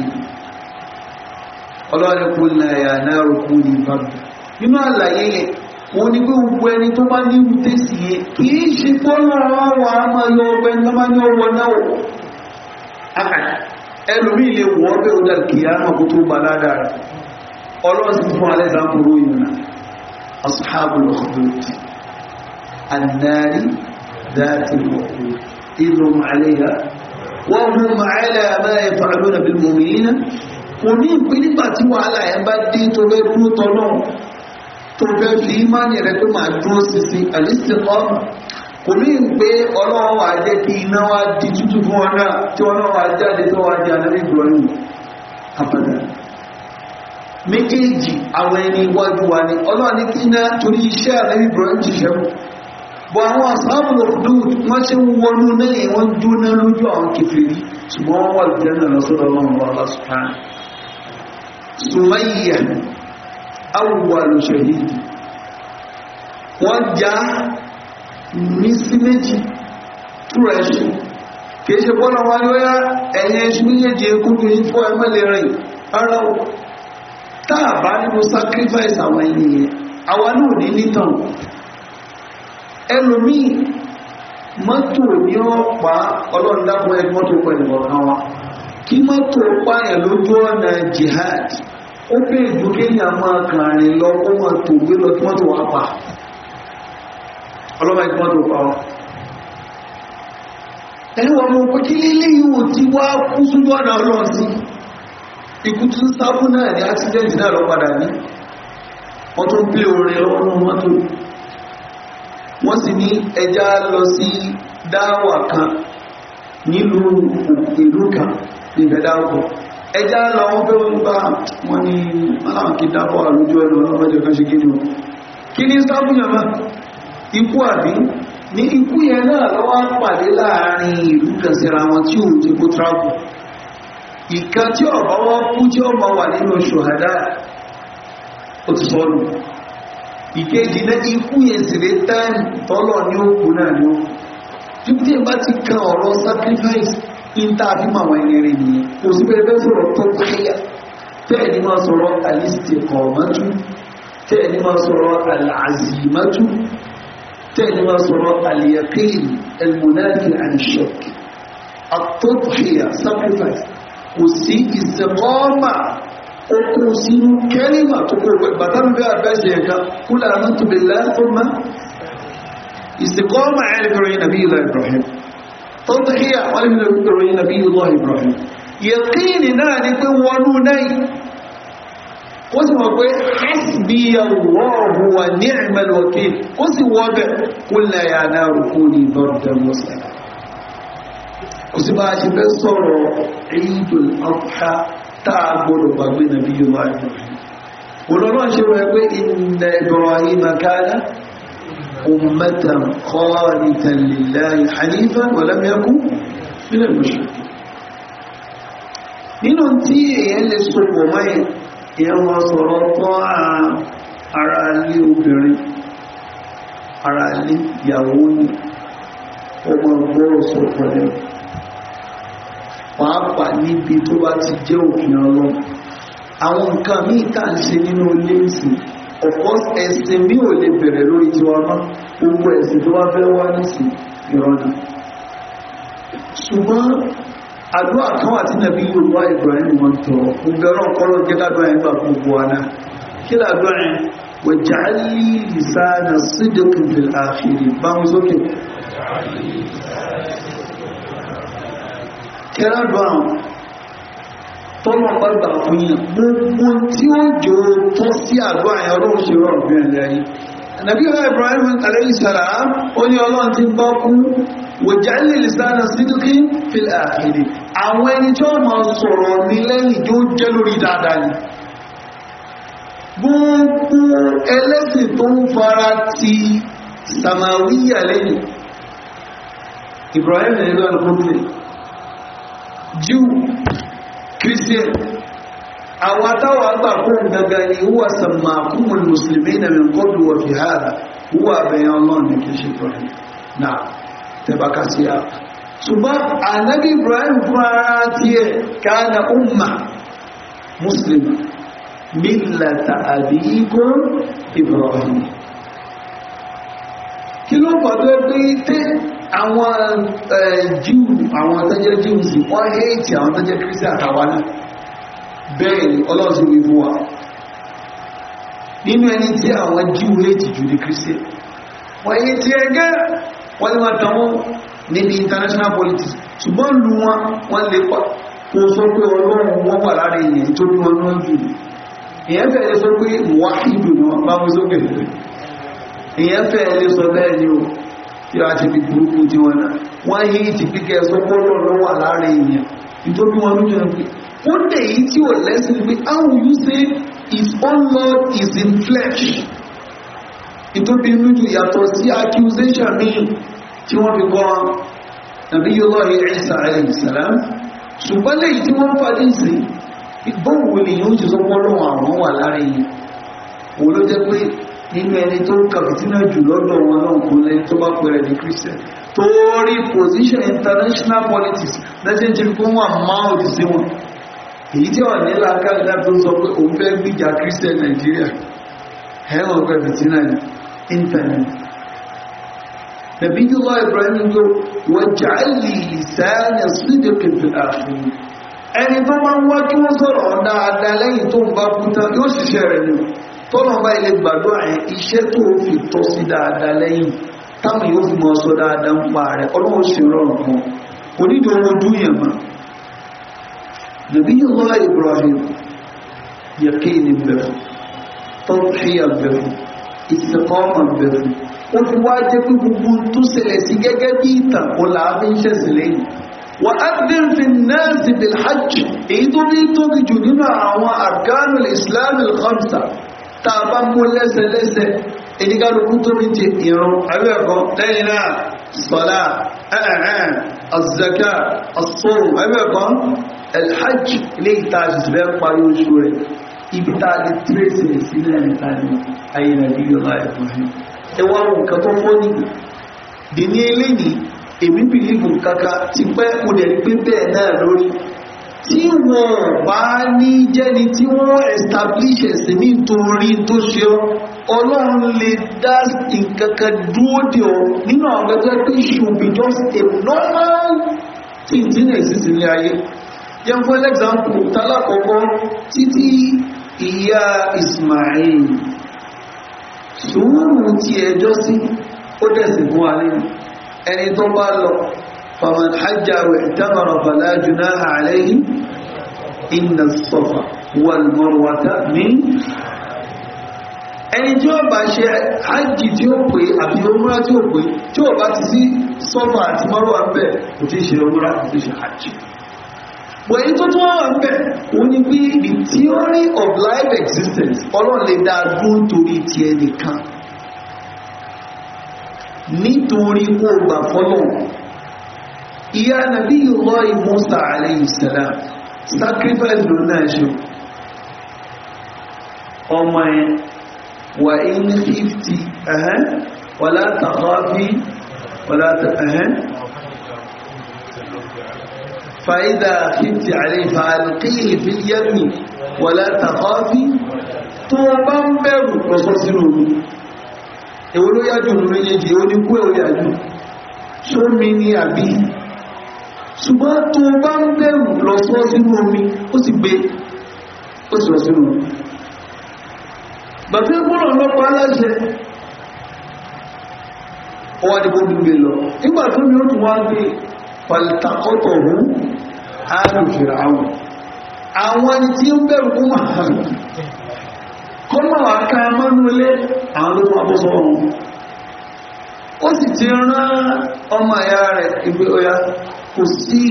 ọlọ́rin kò láyà náà nínú àlàyé yẹn pé gbogbo ẹni tó bá ní ìrúté sí ṣe yọ ọgbẹ́ ní ọmọ ọwọ́ náà wọ́ kìí kó أصحاب ukhdud annari ذات waqud idhum عليها وهم على ما يفعلون بالمؤمنين bil mu'minina kò ní ìpín nígbà tí wàhálà ẹ̀ bá dé tó fẹ́ dúró tọ́lọ́ tó fẹ́ fi ìmánì rẹ pé màá dúró sísí al-istiqama kò ní pé ọlọ́wọ́ wà jẹ́ kí iná wá di tútù fún ọ náà tí ọlọ́wọ́ wà jáde tó wá di alẹ́ ìgbọ̀nyìn àpàdánù méjèèjì àwọn ẹni iwájú wa ni ọlọ́ni tí náà torí iṣẹ́ àlẹ́bí bọ̀rọ̀ jíṣẹ́ mú bọ̀ àwọn asáàbùn òdúd wọ́n ṣe ń wọnú náà wọ́n jóná lójú àwọn kèfèrí ṣùgbọ́n wà lójú lọ́sọ́dọ̀ ọlọ́run tá a bá nínú sacrifice àwọn ẹni yẹn àwa náà ní nítàn ẹlòmíì mọ́tò ní ọ̀pá ọlọ́run dákun mọ́tò pẹ̀lú ọ̀kan wa kí mọ́tò pààyàn lójú ọ̀nà jihad ó pè jù kéèyàn máa kàn rìn lọ ó máa tò gbé lọ kí mọ́tò wá pa mọ́tò pa ẹni wọn pé kí lílé ikú tó sáfún náà ní accident náà lọ padà ní wọ́n tó pé orin ọ̀nà mọ́tò wọ́n sì ní ẹja lọ sí dáwà kan nílùú ìlú kan níbẹ̀ dáwọ̀ ẹja lọ wọ́n fẹ́ wọ́n bá wọ́n ní aláàkí dáwọ̀ àlójú ẹ̀rọ ọlọ́mọdé kan ṣe kíni kí ní sáfún yàmá ikú àbí ní ikú yẹn náà lọ́wọ́ pàdé láàárín ìlú kan síra wọn tí òun ti kó tráfù ìkan tí ọ̀bá wọ́n kú tí ó ma wà nínú ṣòhádá ó ti sọ́nù ìkéjì náà ikú yẹn sì lè táìmù tọ́lọ̀ ní òkú náà ní òkú títí bá ti kan ọ̀rọ̀ sacrifice níta àfi mọ àwọn ẹni rìn nìyẹn kò sí bẹ́ẹ̀ bẹ́ẹ̀ sọ̀rọ̀ tó káyà bẹ́ẹ̀ ni máa sọ̀rọ̀ al-istiqamatu bẹ́ẹ̀ ni máa sọ̀rọ̀ al-azimatu ni máa sọ̀rọ̀ al-yaqin al-munafi an sacrifice kò sí ìsẹ̀kọ́ọ̀mà ó kó sínú kẹ́lìmà tó kó bàtà ń bẹ́ àbẹ́sẹ̀ ẹ̀ka kúlà àmọ́tòbí láìpọ́mà ìsẹ̀kọ́ọ̀mà ẹ̀rẹ́fẹ̀rẹ̀ nàbí ilẹ̀ Ibrahim tọ́tàkíyà wọ́n ní ìròyìn nàbí ilẹ̀ Ibrahim yẹ̀kíni náà ni pé wọnú náà ó sì mọ̀ pé hasbiyallahu wa ni'mal wakil ó sì wọ́ bẹ̀ kúlà yà náà rùkú ní bọ́rọ̀ kò sí bá a ṣe fẹ́ sọ̀rọ̀ Eidul Adha tá a gbọ́dọ̀ gbàgbé nàbí yorùbá ìbòhìn olóòrùn ṣe wọ́n pé inna Ibrahima kana ummatan qanitan lillahi hanifan wa lam yaku ara lé obìnrin ara lé ìyàwó ní ọmọ ọgbọ́rọ̀ sọ̀rọ̀ pàápàá níbi tó bá ti jẹ́ òfin ọlọ́run àwọn nǹkan míì tá à ń ṣe nínú ilé ìsìn ọ̀pọ̀ ẹ̀sìn mi ò lè bẹ̀rẹ̀ lórí tiwa mọ́ gbogbo ẹ̀sìn tó bá fẹ́ wá nísìn ìrọ̀lẹ́ ṣùgbọ́n àdúrà kan àti nàbí yorùbá ibrahim wọn tọ gbogbo ẹran kọlọ jẹ ládùn àyìn bá gbogbo wa náà kí ládùn àyìn waj'alni lisana sidqin fil akhirin bá wọn sókè kẹrẹ́dọ̀ àwọn tọ́lọ̀ bá gbà fún yàn gbogbo tí ó jò tó sí àdó àyàn ọlọ́run ṣe rọrùn bí ẹ̀lẹ́ yìí nàbí ọ̀rọ̀ Ibrahim alayhi salam ó ní ọlọ́run ti bá kú wòjálì lìsánà sídìkì fìlà àkìlì àwọn ẹni tí wọ́n máa sọ̀rọ̀ ní lẹ́yìn tó jẹ́ lórí dáadáa ni gbogbo ẹlẹ́sìn tó ń fara ti samawiya lẹ́yìn Ibrahim ẹ̀rọ alukóbìnrin Jew Christian àwọn atáwà àgbà kún gaga ni wúwà sàmà kúmùn mùsùlùmí na min kọ́dù wà fi hàrà wúwà bẹ̀yàn ọlọ́run ní kìí ṣe tọ́rẹ náà tẹbaka sí a ṣùgbọ́n ànábì Ibrahim fún ara tí ẹ káàna umma mùsùlùmí millata àbíkún Ibrahim kí ló pàtó ẹgbẹ́ àwọn jíù àwọn tó jẹ́ jíù sí wọ́n hẹ́ẹ̀tì àwọn tó jẹ́ kírísì àtàwà náà bẹ́ẹ̀ ni ọlọ́sìn wí fún wa nínú ẹni tí àwọn jíù hẹ́ẹ̀tì jù ní kírísì wọ́n hẹ́ẹ̀tì ẹgẹ́ wọ́n lè máa tàwọn níbi international politics ṣùgbọ́n lù wọn wọ́n lè pa kó sọ pé ọlọ́run wọ́n wà lára èèyàn tó ní wọn náà jù fẹ́ lè sọ pé wàá ìdùnnà bá mú sókè èèyàn fẹ́ lè sọ bẹ́ẹ̀ ni o tí a ti fi burúkú tí wọn náà wọ́n yí ti kíkẹ́ sọ́pọ́lọ́ lọ́wọ́ láàrin èèyàn nítorí wọn lójú ẹ̀ pé wọ́n dẹ̀ yìí tí ò lẹ́sìn pé how will you say his own lord is in flesh ìtóbi lójú yàtọ̀ sí accusation mi tí wọ́n fi kọ́ nàbí yọ́lọ́ Ìsá alayhi salam ṣùgbọ́n lẹ́yìn tí wọ́n fàdí sí ìgbóhùn ènìyàn ó ti sọ́pọ́lọ́ àwọn wà láàrin èèyàn wọ́n ló jẹ́ pé nínú ẹni tó ń kàfìtínà jù lọ́dọ̀ wọn náà kò lẹ́ni tó bá pẹ̀rẹ̀ ní christian torí position international politics lẹ́sẹ̀ tí kó wà máàlù sí wọn èyí tí wà nílà káàkiri tó sọ pé òun fẹ́ gbìjà christian Nigeria ẹ̀wọ̀n kàfìtínà ní internet Nabiyullah Ibrahim ló wọjà lè sáyẹn sídìkì fi àfihàn ẹni tó máa ń wá kí wọ́n sọ̀rọ̀ dáadáa lẹ́yìn tó ń bá kú tán yóò ṣiṣẹ́ rẹ̀ nù tọ́nà bá ilé gbàdúrà yẹn iṣẹ́ tó o fi tọ́ sí dáadáa lẹ́yìn táwọn yóò fi mọ sọ dáadáa ń pa rẹ ọlọ́run sì rọrùn mọ́ onídìí ọmọ ọdún yẹn mọ́ nàbí yọlá Ibrahim yẹkéènì bẹ̀rù tọ́tíyà bẹ̀rù ìsìnkọ́mà bẹ̀rù ó fi wá jẹ́ pé èyí tó ní tóbi jù nínú àwọn àgánul islam khamsa tá a bá mú lẹ́sẹ̀lẹ́sẹ̀ ẹnikálukú tó mi ti ìrún abẹ́ẹ̀kọ́ lẹ́yìn náà sọ́lá ẹ̀ẹ̀ẹ̀ẹ̀ azaka asọ́rùn abẹ́ẹ̀kọ́ alhajj ilé ìta àṣìṣẹ́ parí oṣù rẹ̀ ibi tá a lè tírèsì sílẹ̀ níta ní ayé nàìjíríà láì fún mi ẹ wá na nǹkan ha dì ní eléyìí èmi tí wọ́n bá ní jẹ́ni tí wọ́n establish ẹ̀sìn nítorí tó ṣe ọlọ́run lè dá nkankan dúró dé ọ nínú àwọn ẹgbẹ́ pé should be just a normal thing tí ní ẹ̀sìn sílé ayé yẹn fún example tálákọ̀ọ́kọ́ títí ìyá Ismail sùúrù tí ẹjọ́ sí ó dẹ̀sìn fún wa nínú ẹni tó bá lọ فمن حج أو اعتمر فلا جناح عليه إن الصفا والمروة من ẹni tí ó bá ṣe ájì tí ó pè àbí omúra tí ó pè tí ó bá ti sí sọ́fà àti mọ́rọ̀wà ń bẹ̀ kò tí ṣe omúra kò tí ṣe ájì bọ̀ èyí tó tún wọ́n wà ń bẹ̀ òun ni bí the theory of life existence ọlọ́run lè dá dúró torí ti ẹnìkan nítorí kó gbà fọ́lọ́run ìyá nàbí ìwọ́ Musa alayhi sacrifice ló náà ṣe ọmọ ẹ̀ wà in 50 ẹ̀hẹ́n wà látàkọ́ wà látàkọ́ ẹ̀hẹ́n فإذا خفت عليه فألقيه في اليم ولا تخافي tó bá ń bẹ̀rù lọ́sọ́ sínú omi èwo ló yájú lórí yẹjì èwo ní kú èwo yájú ṣó mi ní àbí ṣùgbọ́n tó bá ń bẹ̀rù lọ sọ omi ó sì gbé ó sì lọ sínú omi bàbá gbọ́nà lọ́pọ̀ aláṣẹ ọwá ní gbogbo lọ nígbà tó ní ó wá gbé pàlìtàkọ́tọ̀ ọ̀hún àrùfèrè àwọn àwọn tí ń bẹ̀rù kó máa hàn kò sí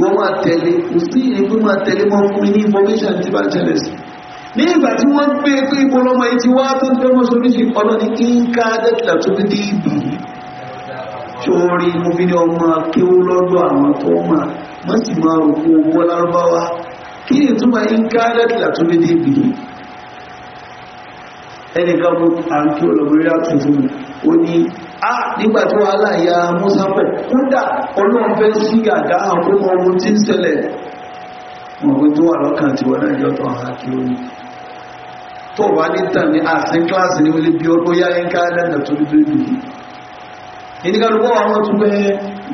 wọ́n máa tẹ̀lé kò sí ìgbé máa tẹ̀lé mọ́ fún mi ní information tí bá ń ṣẹlẹ̀ sí ní ìgbà tí wọ́n gbé pé ipò lọ́mọ yìí ti wá tó ń fẹ́ mọ́ sóríṣi ọlọ́ni kí ń ká dẹ́kìlà tó fi dé ìbì sórí mo fi ní ọmọ kéwú lọ́dọ̀ àwọn tó mà wọ́n sì máa rò fún owó lárúbáwá kí ni ìtumọ̀ yìí ń ká dẹ́kìlà tó fi dé ẹnìkan mú àǹkí olùgbéra tuntun ó ní a ah, nígbà tí wọ́n aláya musa pọ̀ kódà ọlọ́run fẹ́ sí àdá àwọn ọmọ ohun tí ń ṣẹlẹ̀ mọ̀ pé tó wà lọ́kàn tí wọ́n náà jọ tán ha kí ó ní tó bá ní tàn ní àsìn kíláàsì ní wọlé bí ọgbó yá ẹ̀ ń ká ẹ̀dá tó ní bẹ́ẹ̀ dùn yìí nígbà lọ́wọ́ àwọn tó bẹ́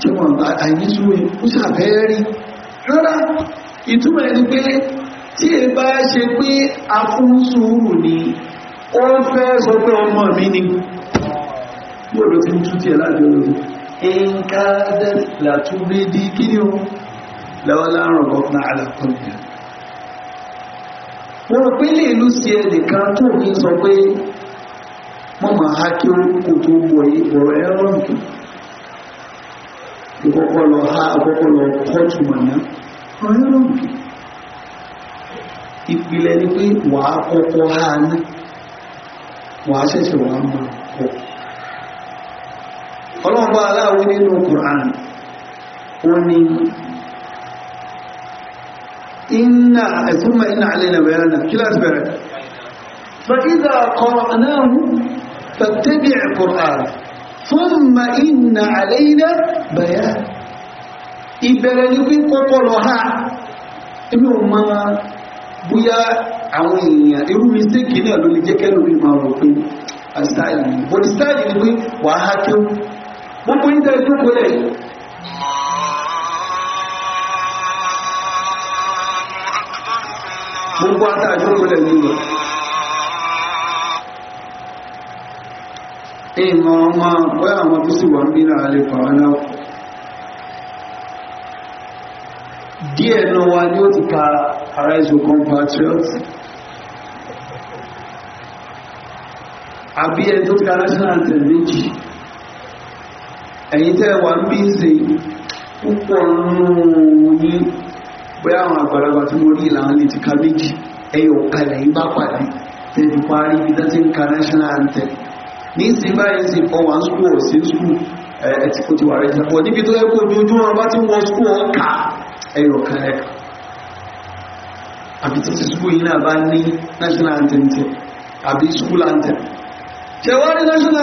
jẹun àìníṣúwe ó sàfẹ́ rí rárá ìtumọ̀ ẹni pé tí ẹ bá ṣe pé afúnṣúrù ni ó fẹ́ sọ pé ọmọ mi ni bí ọ̀dọ̀ ti ń tú ti ẹ̀ láti ọ̀dọ̀ ti ń ká dẹ́ làtúndé di kí ni o lọ́wọ́ láàrùn ọ̀gbọ́n alákọ̀ọ́lẹ̀ wọ́n rò pé ilé ìlú sí ẹnìkan tó ní sọ pé wọ́n máa há kí orúkọ tó wọ ìpìlẹ̀ ni pé wàá kọ́kọ́ ha náà wàá ṣẹ̀ṣẹ̀ wàá máa kọ́kọ́ ọlọ́ọ̀bá aláwọ̀ nínú Qur'an ó ní iná ẹ̀kúnmọ̀ iná alẹ́nà bẹ̀rẹ̀ náà kí láti bẹ̀rẹ̀ fa'íza qara'nahu fattabi' Qur'an thumma iná alẹ́nà bẹ̀rẹ̀ ìbẹ̀rẹ̀ ní pín kọ́kọ́lọ̀ ha inú ma búyá àwọn èèyàn irú mistake náà ló lè jẹ́kẹ́ lórí ma rò pé àìsáàlì bọ̀dì ni pé wàá hákẹ́ gbogbo yín tẹ́lẹ̀ jókòó lẹ̀ gbogbo ata jókòó lẹ̀ nínú ìmọ̀ ọmọ pẹ́ àwọn tó sì wà ń bí náà díẹ̀ náà wá ní ó ti ka ara ìṣò compatriots àbí ẹ̀ tó ti ka national anthem méjì ẹ̀yin tẹ́ wà ń bí ṣe púpọ̀ nínú yín bóyá àwọn àgbàlagbà tí mo rí ìlànà ti ka méjì ẹyọ kalẹ̀ yín bá pàdé tẹ̀sí parí ibi ń ka national anthem ní ìsìn báyìí sì kọ́ wà ń skúl sí skúl ẹ̀ ti kó ti wà rẹ̀ jẹ́ pọ̀ níbi tó yẹ kó bá ti wọ ọ̀ka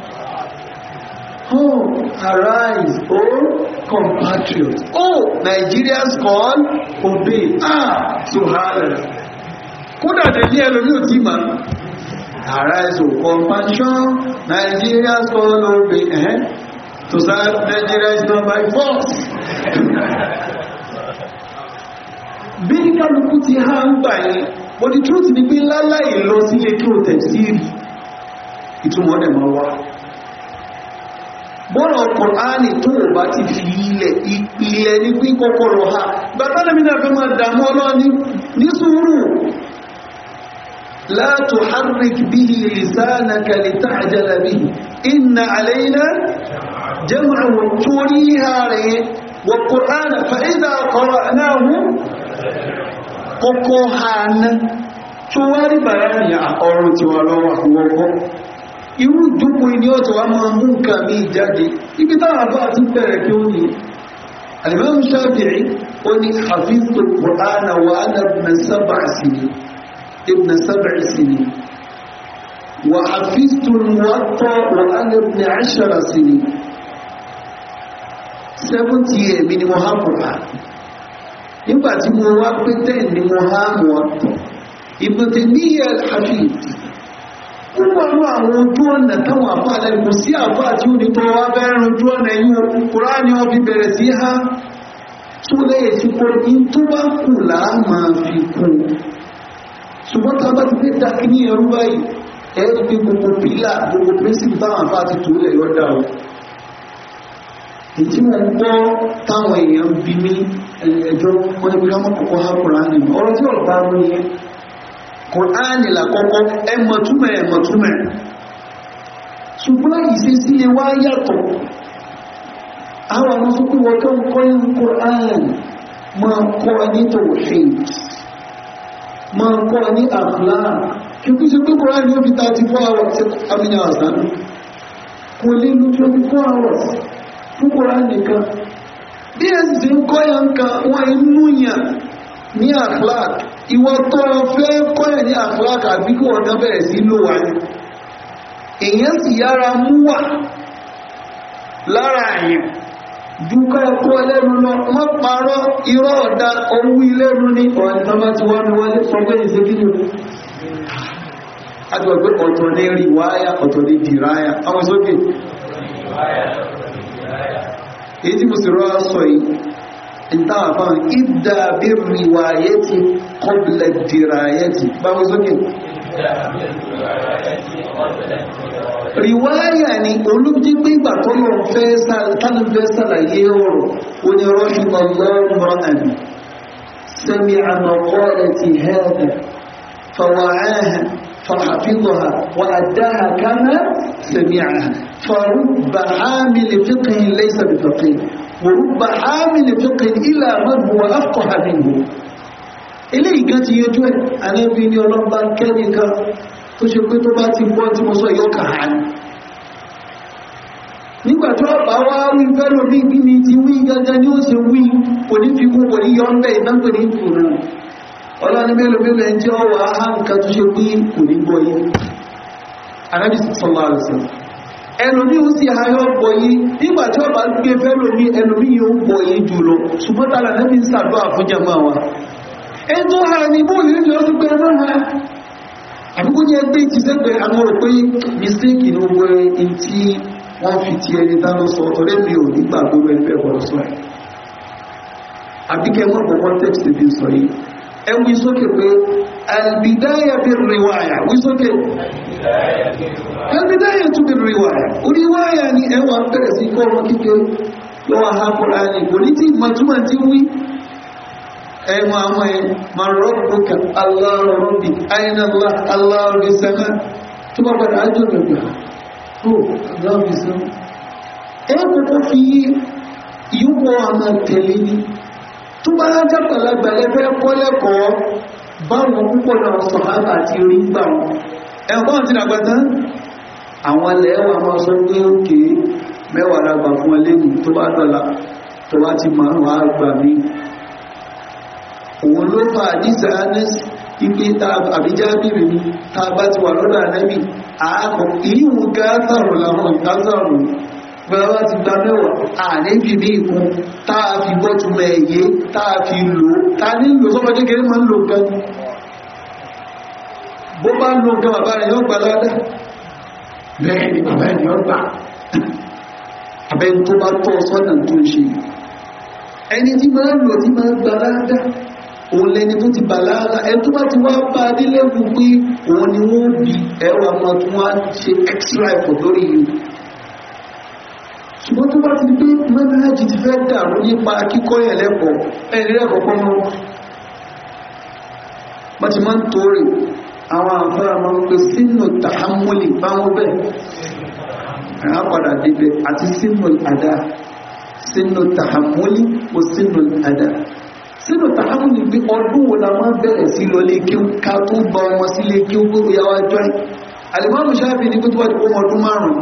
Who arise, O compatriots. O Nigerians call, obey. Ah, Subhanallah. Kódà tẹ̀lé ẹlòmí ò ma. Arise, O compassion, Nigerians call, obey. Eh? To serve Nigeria is not by force. Bí kálukú ti há ń gbà yẹn, but the truth ni pé láláì lọ sílé kí o tẹ̀ sí ìtumọ̀ ọ̀dẹ̀ máa wá bọ́rọ̀ kùránì tó bá ti fi ilẹ̀ ìpìlẹ̀ ní pí kọ́kọ́rọ̀ ha gbátánàmínà fẹ́ máa dámọ́ ọlọ́ni ní sùúrù la tuharrik bihi lisanaka lita'jala bihi inna alayna jam'ahu torí ààrẹ wọ kùránà tó rí bàrá ní irú ìjókòó ni ó ti wá máa mú nǹkan mi jáde ibi táwọn bá ti bẹ̀rẹ̀ kí ó ní alimam shafi'i ó ní hafiztu qur'ana wa ana ibn sab'a sini ibn sab'a sini wa hafiztu muwatta wa ana ni mo há qur'an nígbà tí mo ó wà ní àwọn ojú ọ̀nà táwọn àfáà lẹ́nu kò sí àfáà tí ó ní tọ́ wá bẹ́ẹ̀ rìn ojú ọ̀nà yìí o kùránì ó fi bẹ̀rẹ̀ sí ha tó lẹ́yẹ̀ tí kò ní tó bá kù láà máa fi kù ṣùgbọ́n tá a bá ti fẹ́ da kí ní ẹrú báyìí ẹ̀rù pé gbogbo pílà gbogbo kùránì làkọ́kọ́ ẹmọ̀túmọ̀ ẹmọ̀túmọ̀ ṣùgbọ́n ìṣe sílé wá yàtọ̀ àwọn àwọn tó kúwọ́ tó ń kọ́ ní kùránì máa kọ́ ní tawhid máa kọ́ ní àfúlá kíkú sí pé kùránì yóò fi 34 hours àmìyàn àsán kò lè lu 24 hours fún kùránì kan bí ẹ̀sìn kọ́ yàn kan wọ́n inú yàn ní àfúlá ìwọ tó fẹ́ kọ́ ẹ̀ ní àfúlákà kí wọ́n bẹ̀rẹ̀ sí ló wà ní èyàn sì yára mú wà lára àyàn dúkọ́ ẹ̀kọ́ ẹlẹ́nu lọ mọ́ parọ́ irọ́ ọ̀dá owó ilẹ́nu ní ọ̀ẹ̀tọ́mọ́ wọ́n ni انتهى طبعا ابدا بالروايه قبل الدرايه روايه يعني olubji pé ìgbà tó lọ fẹ́ sálẹ̀ fẹ́ sàlàyé ọ̀rọ̀ onírọ́ṣù ọlọ́run àmì فوعاها فحفظها وأداها كما سمعها فرب عامل فقه ليس بفقيه ورب عامل فقه إلى من هو أفقه منه eléyìí gan ti yanjú e, anábí ní ọlọ́gbà kẹ́nìkan tó ṣe pé tó bá ọba wá wí fẹ́lò bí bí ni ti wí gangan ní ó ṣe wí kò ní fi kún kò ní yọ ọ́nbẹ̀ ìdánpẹ̀ ẹlòmí ń sì ha yóò bọ̀ yìí nígbà tí ó bá gbé fẹ́lòmí ẹlòmí yóò bọ̀ yìí jùlọ ṣùgbọ́n tààrà níbi ń sàdúrà fún jẹmọ́ wa ẹni tó ha ní bóòlù nílùú ọdún pé ẹmọ́ ha àbúkú ní ẹgbẹ́ ti sẹ́gbẹ̀ẹ́ àwọn mistake ní owó ẹni tí wọ́n fi ti ẹni dáná sọ ò nígbà gbogbo ẹgbẹ́ ẹ wí sókè pé albidaya bí riwaya wí sókè albidaya tún bí riwaya oríwáyà ni ẹ wà bẹ̀rẹ̀ sí kọ́ ọmọ kékeré lọ́wọ́ ha kùránì kò ní tí ìmọ̀túmọ̀ tí wí ẹ̀wọ̀n àwọn ẹ̀ ma rọ́bùkà aláàrọ̀bì àìnàlá aláàrọ̀bìsẹ́mẹ́ tó bá padà ájò gbẹ̀gbẹ̀ ó aláàrọ̀bìsẹ́mẹ́ ẹ̀ fi yíwọ́ àmà tẹ̀lé ní tó bá rájá pàlágbà lẹ́fẹ́ kọ́ lẹ́kọ̀ọ́ báwọn púpọ̀ náà sọ̀hábà ti rí gbà wọn ẹ̀kọ́ ti dàgbà tán àwọn lẹ́wà máa sọ pé òkè mẹ́wàá dàgbà fún ẹlẹ́nu tó bá dọ̀la tó bá ti máa wà gbà mí òun ló fa àdísà ánẹ́sì ipe àbíjá bìrì ni tá a bá ti wà lọ́dọ̀ ànẹ́bì àákọ̀ ìyíwò gáásàrò làwọn ìtásàrò bẹ̀rẹ̀ wá ti gba mẹ́wàá àníjì ní ìkún táà fi gbọ́túnmẹ̀ èyí táà fi lò táà ní ìlò sọ́mọ́ kékeré máa ń lò gan bó bá ń lò gan bàbá rẹ̀ yóò gbà lọ́dá bẹ́ẹ̀ ni bàbá rẹ̀ yóò gbà abẹ́ tó bá tọ́ sọ́nà tó ń ṣe ẹni tí máa ń lò tí máa ń gbà lọ́dá ṣùgbọ́n tó bá ti di pé mẹ́nàájì ti fẹ́ dàrú nípa kíkọ́ yẹn lẹ́kọ̀ọ́ ẹ̀rí lẹ́kọ̀ọ́kọ́ mọ́ wọ́n ti máa ń torí àwọn àfẹ́ra máa ń pe sínú tàhámúlì báwọn bẹ́ẹ̀ ẹ̀rá padà débẹ̀ àti sínú àdá sínú tàhámúlì kò sínú àdá sínú tàhámúlì pé ọdún wo la máa bẹ̀rẹ̀ sí lọ lé kí ká tó bá wọn sí kí ó gbé ìyáwájọ́ àlìmọ́ àmúṣáàbì ní kó tó wá di ọmọ ọdún márùn-ún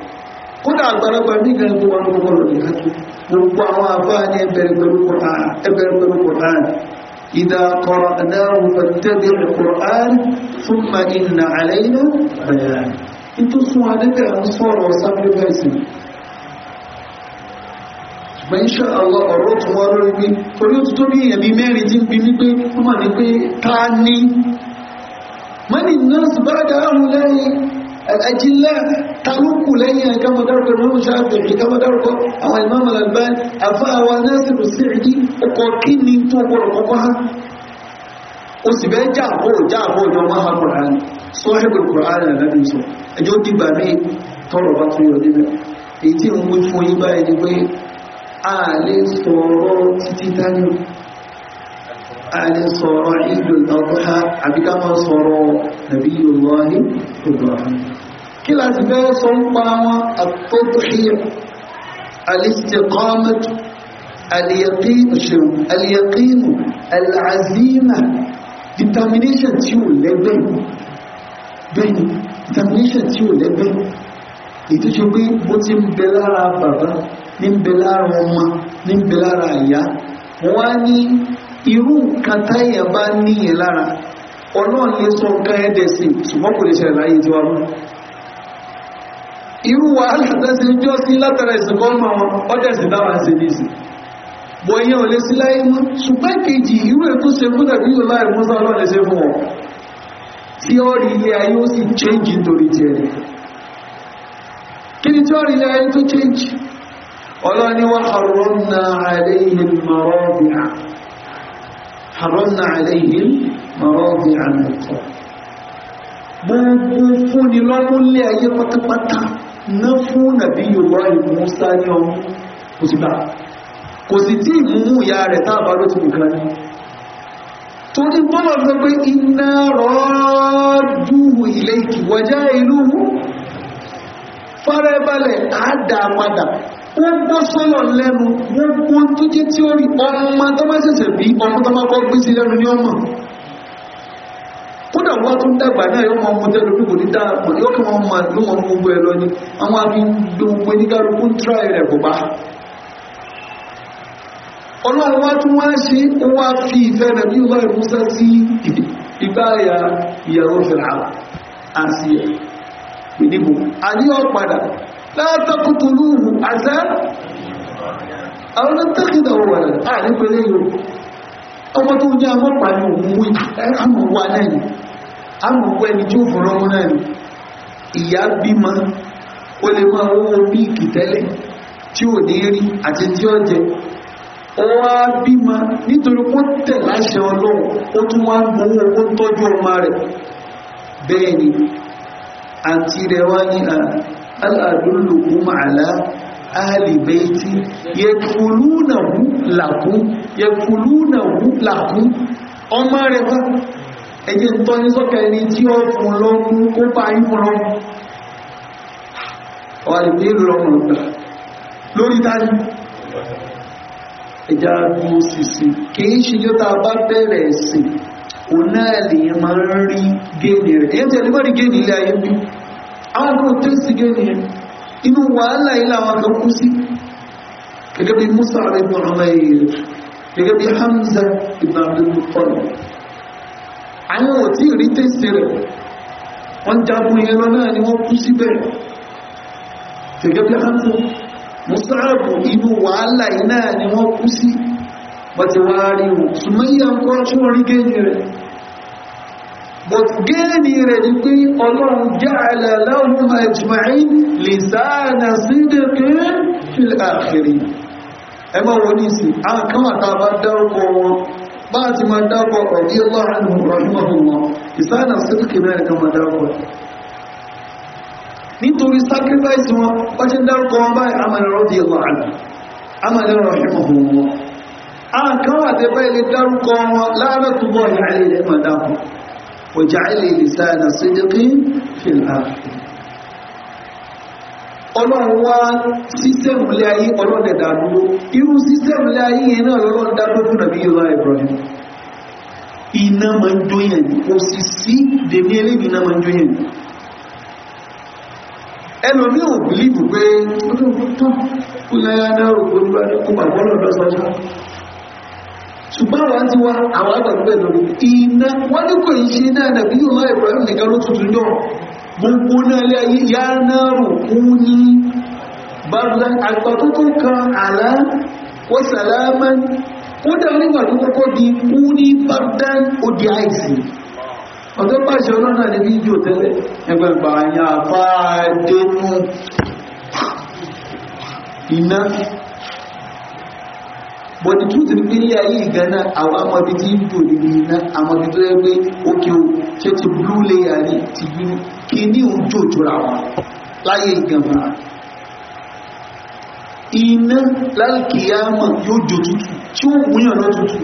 kódà àgbàlagbà ní ìgbà ẹgbẹ́ wọn gbogbo lòdì hàtú gbogbo àwọn àfáà ní ẹbẹ̀rẹ̀ pẹ̀lú kòrán ìdá kọ̀rọ̀ adáhùn pẹ̀lú kòrán fún ma ìnà àlẹ́yìnà bayan ìtò sun adẹ́gbẹ̀ àwọn sọ̀rọ̀ sacrifice ṣùgbọ́n iṣẹ́ àwọn ọ̀rọ̀ tó wọ́n lórí bí torí ó ti tó bí ẹ̀mí mẹ́rin tí ń àjílá talókù lẹ́yìn kama dárúkọ mọ́mú Shafi'i kama dárúkọ àwọn Imam Al-Albani afá àwọn Nasiru Sa'di ọkọ̀ kí ni tó gbọ́rọ̀ kọ́kọ́ ha ó sì bẹ́ jáàbò jáàbò ìjọ máa ha Kùránì sọ́hẹ́gbẹ̀ Kùránì àlàbí sọ ẹjọ́ dìgbà mí tọrọ bá tún yọ níbẹ̀ èyí tí ń wí fún yí báyìí ni pé a lè sọ̀rọ̀ títí táyọ̀ ààrẹ sọ̀rọ̀ ìlú ọ̀tọ́ha àbíká máa sọ̀rọ̀ nàbí yóò wáyé tó bọ̀ kí láti fẹ́ sọ ń pa wọn àtọ́tọ́hìyà alistiqamatu determination to live lẹ́gbẹ́ determination to live lẹ́gbẹ́ ètò ṣe pé bó ti ń bẹ lára bàbá ní ń bẹ lára ọmọ ní ń bẹ lára ìyá wọ́n á ní irú nǹkan táyà bá níyẹn lára ọlọ́run sọ nǹkan ẹ̀dẹ̀sìn ṣùgbọ́n kò lè ṣẹlẹ̀ láyé tiwa mú irú wàhálà tẹ́sí jọ́ sí látara ìsìnkọ́ ọmọ wọn ọdẹ̀sì dáwà sí ní ìsìn bọ̀ ìyẹn ò lè sí láyé mú ṣùgbọ́n kejì irú ètò ṣe fún tàbí yóò láì mú sáà lọ́lẹ̀ ṣe fún wọn tí ó rí ilé ayé ó sì change nítorí ti kí ni tí ó rí ilé ayé tó change ọlọ́ni wá harọ́nà àlẹ́yìn mọ̀rọ́bìà gbogbo fúnni lọ́múlé ayé pátápátá ná fún nàbí yorùbá Mùsá ní ọmú kò sì gbà kò sì tí ìmúmú ìyá rẹ̀ táàbá ló ti nìkan ní tó ní bọ́lọ̀ sọ pé iná rọ́ọ́dúhù ilé ìkìwọ́já ìlú fárẹ́balẹ̀ àádámadà ó gbọ́ sọ́lọ̀ lẹ́nu gbogbo tó jẹ́ tí ó rí ọmọ tó bá ṣẹ̀ṣẹ̀ bí ọmọ tó bá kọ́ gbé sí lẹ́nu ní ọmọ kódà wọ́n tún dàgbà náà yóò máa mú tẹ́lómi kò ní dára pọ̀ yóò kàn máa ló gbogbo ẹ lọ ni àwọn afi ń kò bá. ọlọ́run wá tún wá ṣe wá fi ìfẹ́ rẹ̀ bí wọ́n sí ìyàwó àti ìdìbò látàkùtù àwọn wọ̀ ọmọ tó jẹ́ amọ́pàá ní òun wí náà ni amọ̀wà ẹni tí ó fọ́rọ̀ ọmọ náà ni ìyá bímọ lè máa owó tí ò ní rí àti tí ó jẹ ó wá bímọ nítorí wọ́n tẹ̀ láṣẹ ọlọ́run ó tún wá ahli baiti yadkhulunahu lakum yadkhulunahu lakum ọmọ rẹ̀ bá ẹjẹ́ tọ́ ní sọ́kẹ̀ ẹni tí ó fún lọ́mú kó bá yí fún lọ́mú ọwà lè pé lọ́mú gbà lórí dájú ẹjá bí ó sì sí kìí ṣe yóò tá bá bẹ̀rẹ̀ ẹ̀sìn òun náà máa ń rí géènì rẹ̀ èyí tẹ̀lé mọ́rí géènì ilé ayé bí àwọn kan tó sì géènì inú wàhálà ilé àwọn kan kú sí gẹ́gẹ́ bí Mus'ab ibn Umayr gẹ́gẹ́ bí Hamza ibn Abdul Muttalib àwọn ò tí rí tẹ́sí rẹ̀ wọ́n jagun ìran náà ni wọ́n kú síbẹ̀ gẹ́gẹ́ bí Hamza Mus'ab inú wàhálà iná ni wọ́n kú sí wọ́n ti wá rí wọn but géèni rẹ̀ ni pé ọlọ́run ja'ala lahum ajma'in lisana sidqin fil akhirin ẹgbẹ́ wọn ní sí àwọn kan wà tá a bá dárúkọ wọn bá ti máa dákọ̀ ọ̀dí ọlọ́run rahimahullah ìsáàdà sílùkì náà ẹ̀kan máa dákọ̀ nítorí sacrifice wọn wọ́n ti dárúkọ wọn báyìí waj'alni lisana sidqin fil akhirah ọlọ́run wá sísẹ́mù lé ayé ọlọ́dẹ̀ dàdúró irú sísẹ́mù lé ayé yẹn náà lọ́lọ́run dádúró nàbí yóò láì iná ma ń jóyàn kò dèmí eléyìí iná ma ń jóyàn ẹnu ò bìlíbù pé tó náà ṣùgbọ́n àwọn ti wá àwọn agbàgbẹ́ lórí iná wọ́n ní kò ṣe náà nàbí yóò máa Ibrahim nìkan ló tuntun náà gbogbo náà lé ayé yá náà rò kún ní bàbá àgbà tó tó kan àlá ó sàlámà ó dá nígbà tó kọ́kọ́ di kú ní bàbá ó di àìsí ọ̀dọ́ pàṣẹ ọlọ́nà ní fídíò tẹ́lẹ̀ ẹgbẹ̀gbà àyàn àfáà dénú iná but the truth ni gana awa ayé ìgànnà àwọn amọ̀bí tí ń dò níbi iná tó yẹ pé ókè o ṣe ti blue layer ní ti green kí ní òun jòjòra wọn láyé ìgànnà iná lálkìyàmọ̀ yóò jò tútù tí ó lọ tútù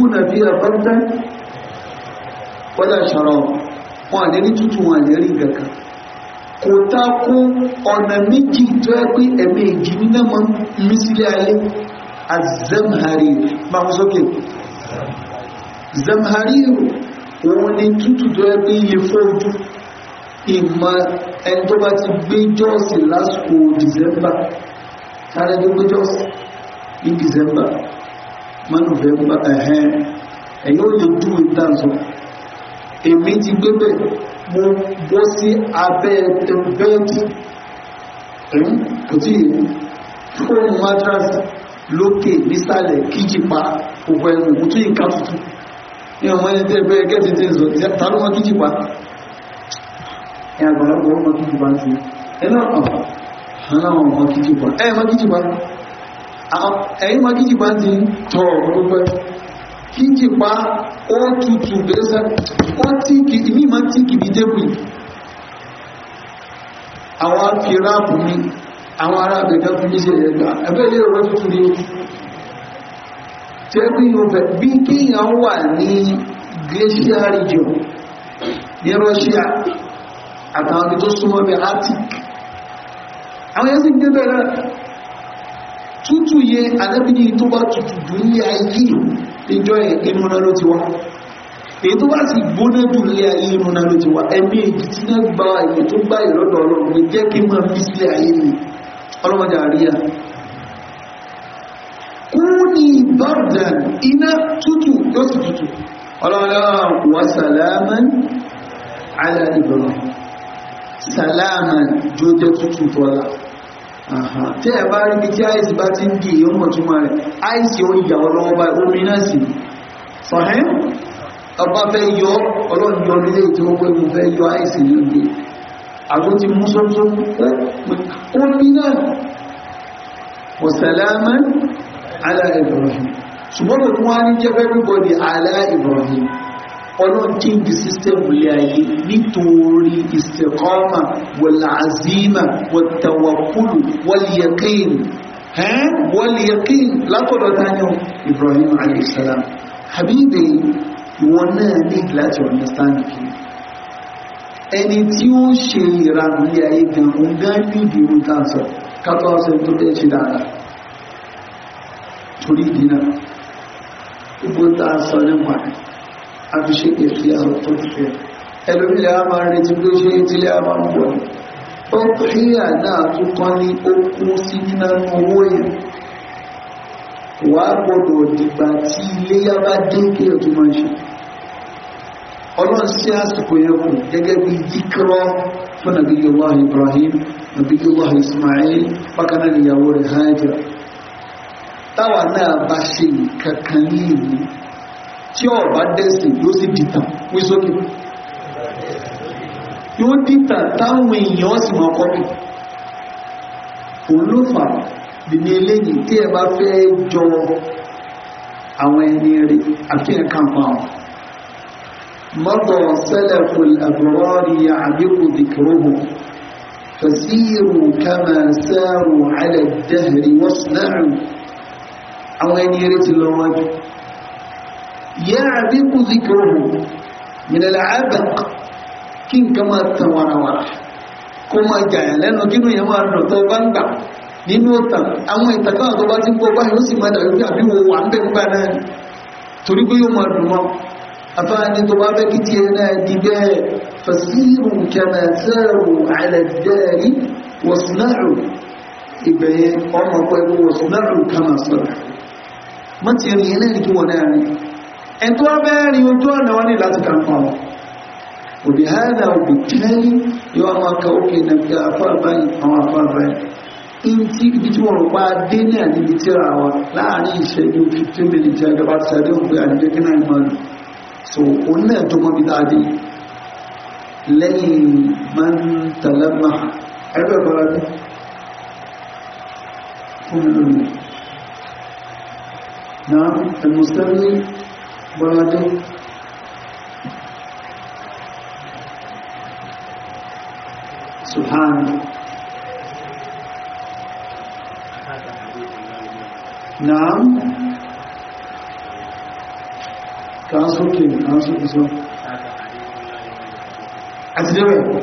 o na bí abọ́ntán wọ́n dà wọn àdérí tútù wọn kò takú ọ̀nà méjì tó ẹ pé ẹ̀mí èjì nínú mọ́ mísílẹ̀ alẹ́ azamhari máa mú sókè zamhari òun ni tútù tó ẹ pé iye fóòjú ìmọ̀ ẹni tó bá ti gbé jọ́ọ̀sì lásìkò dìsẹ́mbà tààrẹ tó gbé jọ́ọ̀sì ní dìsẹ́mbà mọ́ nọ́vẹ́mbà ẹ̀hẹ́n ẹ̀yọ́ lè dúró ìtànsọ́ èmi ti gbé bẹ́ẹ̀ mo bọ́ sí abẹ́ tẹ̀m̀bẹ́ẹ̀dì hmm? kò tí ìwú fóònù matras lókè nísàlẹ̀ kíjìpá gbogbo ẹnu kò tí ìka tuntun ní ọmọ ẹni tẹ́ bẹ́ẹ̀ gẹ́ẹ̀tì tẹ́ zọ ta ló mọ kíjìpá ẹ àgbàlagbà ọmọ kíjìpá ń ti ẹ náà kàn án àwọn ọmọ kíjìpá ẹ mọ kíjìpá ẹ̀yin mọ kíjìpá ti tọ̀ gbogbo ẹ kíkìpá ó tutù bẹ́sẹ̀ ó tíkì ní ma tíkì bí débù àwọn afiraapù mi àwọn ará àgbẹ̀dá fún mi ṣe ẹ̀gbà ẹgbẹ́ ilé ọ̀rọ̀ tuntun ni ó tẹ́ bí yóò fẹ́ bí kíyàn wà ní glacial region ní Russia àtàwọn ibi tó súnmọ́ bí Arctic àwọn yẹn sì ń tútù yẹ anábìnrin tó bá tútù jù ní ayé ìjọ ìrúnà ló ti wá èyí tó bá sì gbóná jù ní ayé ìrúnà ló ti wá ẹ̀mí èjì tí náà gba èyí tó gbá ìlọ́dọ̀ ọlọ́run jẹ́ kí máa fi sílẹ̀ ayé ni ọlọ́mọdé àríyá kúrúnì bardan iná tútù yóò sì tútù ọlọ́run ah, wa salaman ala Ibrahim salaman jó jẹ́ tútù tọ́lá tí ẹ bá rí bí tí àìsí bá ti ń di èyí mọ̀ túnmọ̀ rẹ̀ àìsí ó yà ọ lọ́wọ́ bá omi náà sì sọ̀hẹ́ ọba fẹ́ yọ ọlọ́run yọ nílé tí ó pé mo fẹ́ yọ àìsí lóde àgbo ti mú sóńsó omi náà kò Ibrahim ṣùgbọ́n òun wá ní everybody alá Ibrahim ọlọ́run change system lé ayé nítorí istiqama wàlàzíma wàtàwàkúlù wàlìyàkín hẹ́n wàlìyàkín látọ̀dọ̀ daniel ibrahim alayhisalam habibi wọn náà ní láti understand kí ẹni tí ó ń ṣe ìranù lé ayé gan ń gán ní sọ kátó ọ̀sẹ̀ a fi ṣe ìfìlẹ̀ àwọn tó fẹ́ ẹlòmílẹ̀ a máa retí pé ṣe ìdílé a máa ń bọ̀ ó kíyà náà tó kán ní ó kú sí nínú owó yẹn wà gbọdọ̀ dìgbà tí iléyà bá dé kí àsìkò yẹn gẹ́gẹ́ bí díkọ́ fún nàbíyàwó Ibrahim nàbíyàwó Ismail bákanáà níyàwó rẹ̀ Hajara táwa náà bá ṣe kankan ní tí ọba dẹ́sìn yóò sì dìtàn wí sókè yóò dìtàn táwọn èèyàn sì mọ̀ kọ́ mi òun ló fà bìnní eléyìí tí ẹ bá fẹ́ jọ àwọn ẹni rí àfihàn kan pa wọn mọ́tò sẹ́lẹ̀kùn àbúrọ́rì àbíkù dìkìròhù فسيروا كما ساروا على الدهر واصنعوا àwọn ẹni eré ti lọ wájú يعبق ذكره من العبق kí nǹkan máa tàn warawara kó máa jàyàn lẹ́nu kínú yẹn máa dùn tó bá ń gbà nínú ìtàn àwọn ìtàn káwọn tó bá ti ń gbọ́ báyìí ó sì máa dàbí àbí wo wà ń bẹ̀ ń ala ẹ̀tọ́ abẹ́rin ojú ọ̀nà wọn ní láti kàn fún wọn òbí hádà òbí tẹ́lí yọ àwọn aka òkè nàbíyà afáàbáyì àwọn afáàbáyì ntí ibi tí wọn pa dé ní àdíbi tíra wa láàrin ìṣẹ́jú fifteen minutes ẹgbẹ́ sáré òkè àdíjẹ́ kí náà mọ́ so òun náà tó mọ́ bí dáadé lẹ́yìn máa ń tàlámà ẹgbẹ́ bọ́lá bí fún mi lónìí bọ́lọ́dé subhanahu naam kan sókè kan sókè sọ àti lẹ́wẹ̀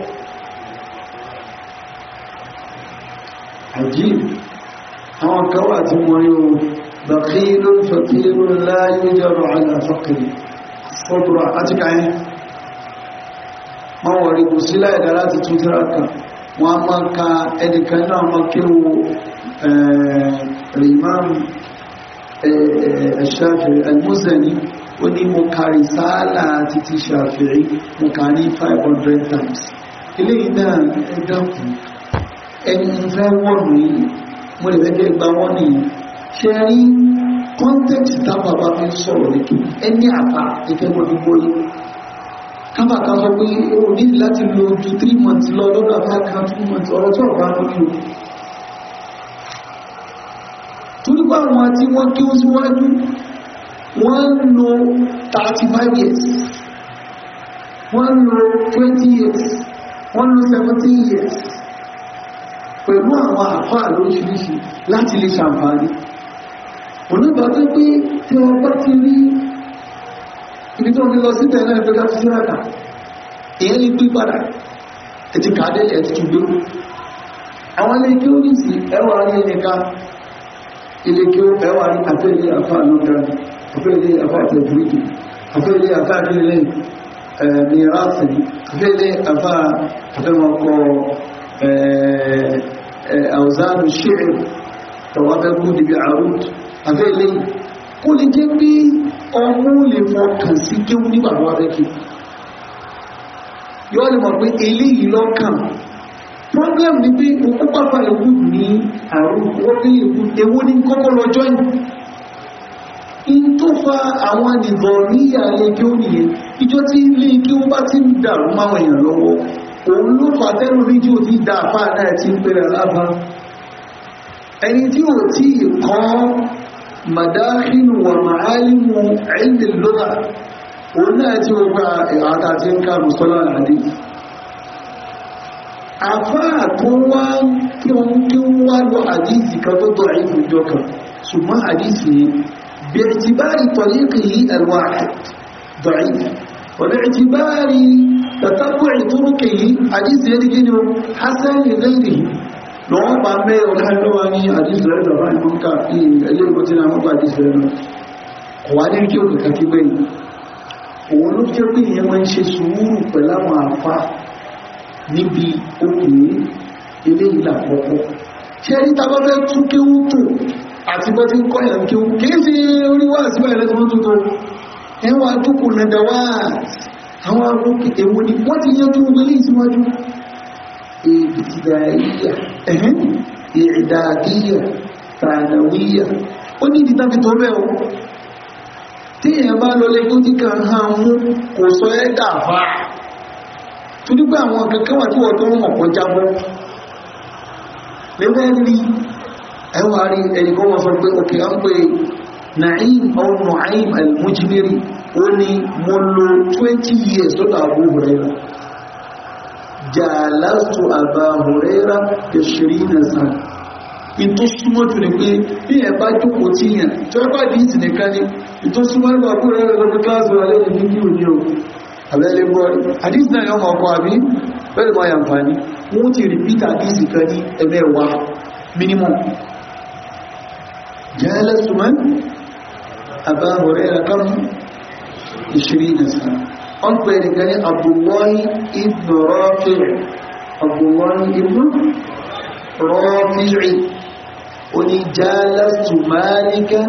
àjí àwọn kan wà بخيل فقير لا يجر على فقره قدرة أتك عين ما هو ريب سلا إدارات تتراكا وما كان إدكان وما كيو الإمام الشافعي المزني وني مكاري سالة تتي شافعي مكاني 500 times إليه دان إدامكم ẹni ìfẹ́ wọ̀nù yìí mo lè Sharing context kọ́ńtẹ́ǹtì táwọn bá fi ń sọ̀rọ̀ nìtò ẹni àbá ìfẹ́mọ̀ ní gbóyè kábà ká sọ pé o ní láti lo ju 3 months lọ lọ́dọ̀ àbá kan 2 months ọ̀rọ̀ tí ọ̀bá lórí o torí pé àwọn tí wọ́n kí ó síwájú wọ́n ń lo 35 years wọ́n ń lo 20 years wọ́n ń lo 17 years pẹ̀lú àwọn àfáà lóríṣiríṣi láti lè ṣàǹfààní onígbà tó pé tí wọ́n bá ti rí ibi tó ń lọ sí tẹ̀lé ẹgbẹ́ láti sí ràkà èyí ní pí padà ẹ̀tì kàádé ẹ̀tì tó gbé àwọn ilé kí ó ní sí ẹwà rí ẹnìká ilé kí ó ẹwà rí àfẹ́lẹ́ àfà lọ́dà àfẹ́lẹ́ àfà tẹ̀bùrìkì àfẹ́lẹ́ àfà nílé mìíràsì àfẹ́lẹ́ àfà àbẹ́ ilé kó lè jẹ́ pé ọmọ lè fọkàn sí kéwú nígbàgbọ́ abẹ́kì yọ́ lè mọ̀ pé eléyìí lọ́kàn problem ni pé òkú pápá ewu ní àrùn wọ́pẹ́ ewu ewu ní kọ́kọ́ lọ́jọ́ yìí in tó fa àwọn nìbọn ní ìyàlẹ́ kí ó nìyẹn ìjọ tí ilé kí ó bá ti ń dàrú máwọn èèyàn lọ́wọ́ òun ló fà tẹ́rù rédíò ti dà fáà náà ti ń pẹ̀rẹ̀ lábá ẹni tí ò tí ì madáhìn wà ma'álìmù ilmi lọ́dà òun náà tí ó gba ìhàtà tí ń ká mùsọ́lá àdé àfáà tó wá kí wọ́n kí wọ́n wá lọ àdíjì kan tó tọ́ àìkú ìjọ kan ṣùgbọ́n àdíjì باعتبار طريقه الواحد ضعيف وباعتبار تتبع طرقه حديث يدي حسن لغيره lọ́wọ́n pa mẹ́ ọ̀dájọ́wà ní àdíṣẹ́lẹ̀ bàbá ìmọ̀ká fi ilé ìbò tí wọ́n gbà àdíṣẹ́lẹ̀ náà kò wá ní kí o kàkà kí gbẹ̀yìn òun ló jẹ́ pé ìyẹn máa ń ṣe sùúrù pẹ̀láwọn àfa níbi okùnrin ilé ìlà àkọ́kọ́ tí ẹni tàbá fẹ́ tún kéwú tò àti bọ́ tí ń kọ́yà ń kéwú kìí sí orí wá sí báyìí lẹ́tọ́ ìbìtìdáyíyà ìrìdàdíyà tànàwíyà ó ní ìdí tàbí tó o tí èèyàn bá lọ lẹ́gbó tí kan ha mú kò sọ ẹ́ dàfà tó dípẹ́ àwọn kankan wà tí wọ́n tó ń mọ̀ kọ́ jábọ́ lẹ́gbẹ́ rí ẹwà rí ẹni kọ́ 20 years jàlátù àbá hùrẹ́rà ìṣìrìnà sàn ìtò súnmọ́ jù ní pé bí ẹ bá jókòó tí yàn tí wọ́n bá dìísì nìkan ní ìtò súnmọ́ nípa kúrò rẹ̀ lọ́dún kíláàsì wà lẹ́yìn ní kíò ní o abẹ́lé bọ́ àdìsí náà yọ ọmọ ọkọ̀ àbí bẹ́ẹ̀ máa yàǹfààní wọ́n ti rìpítà àdìsì kan ní ẹ̀mẹ́wàá minimum jàlátù mọ́ àbá hùrẹ́rà kan ìṣìrìnà wọ́n pè nìkan ní Abdullahi ibn Rafi' Abdullahi ibn Rafi' oní jálásù Málíkà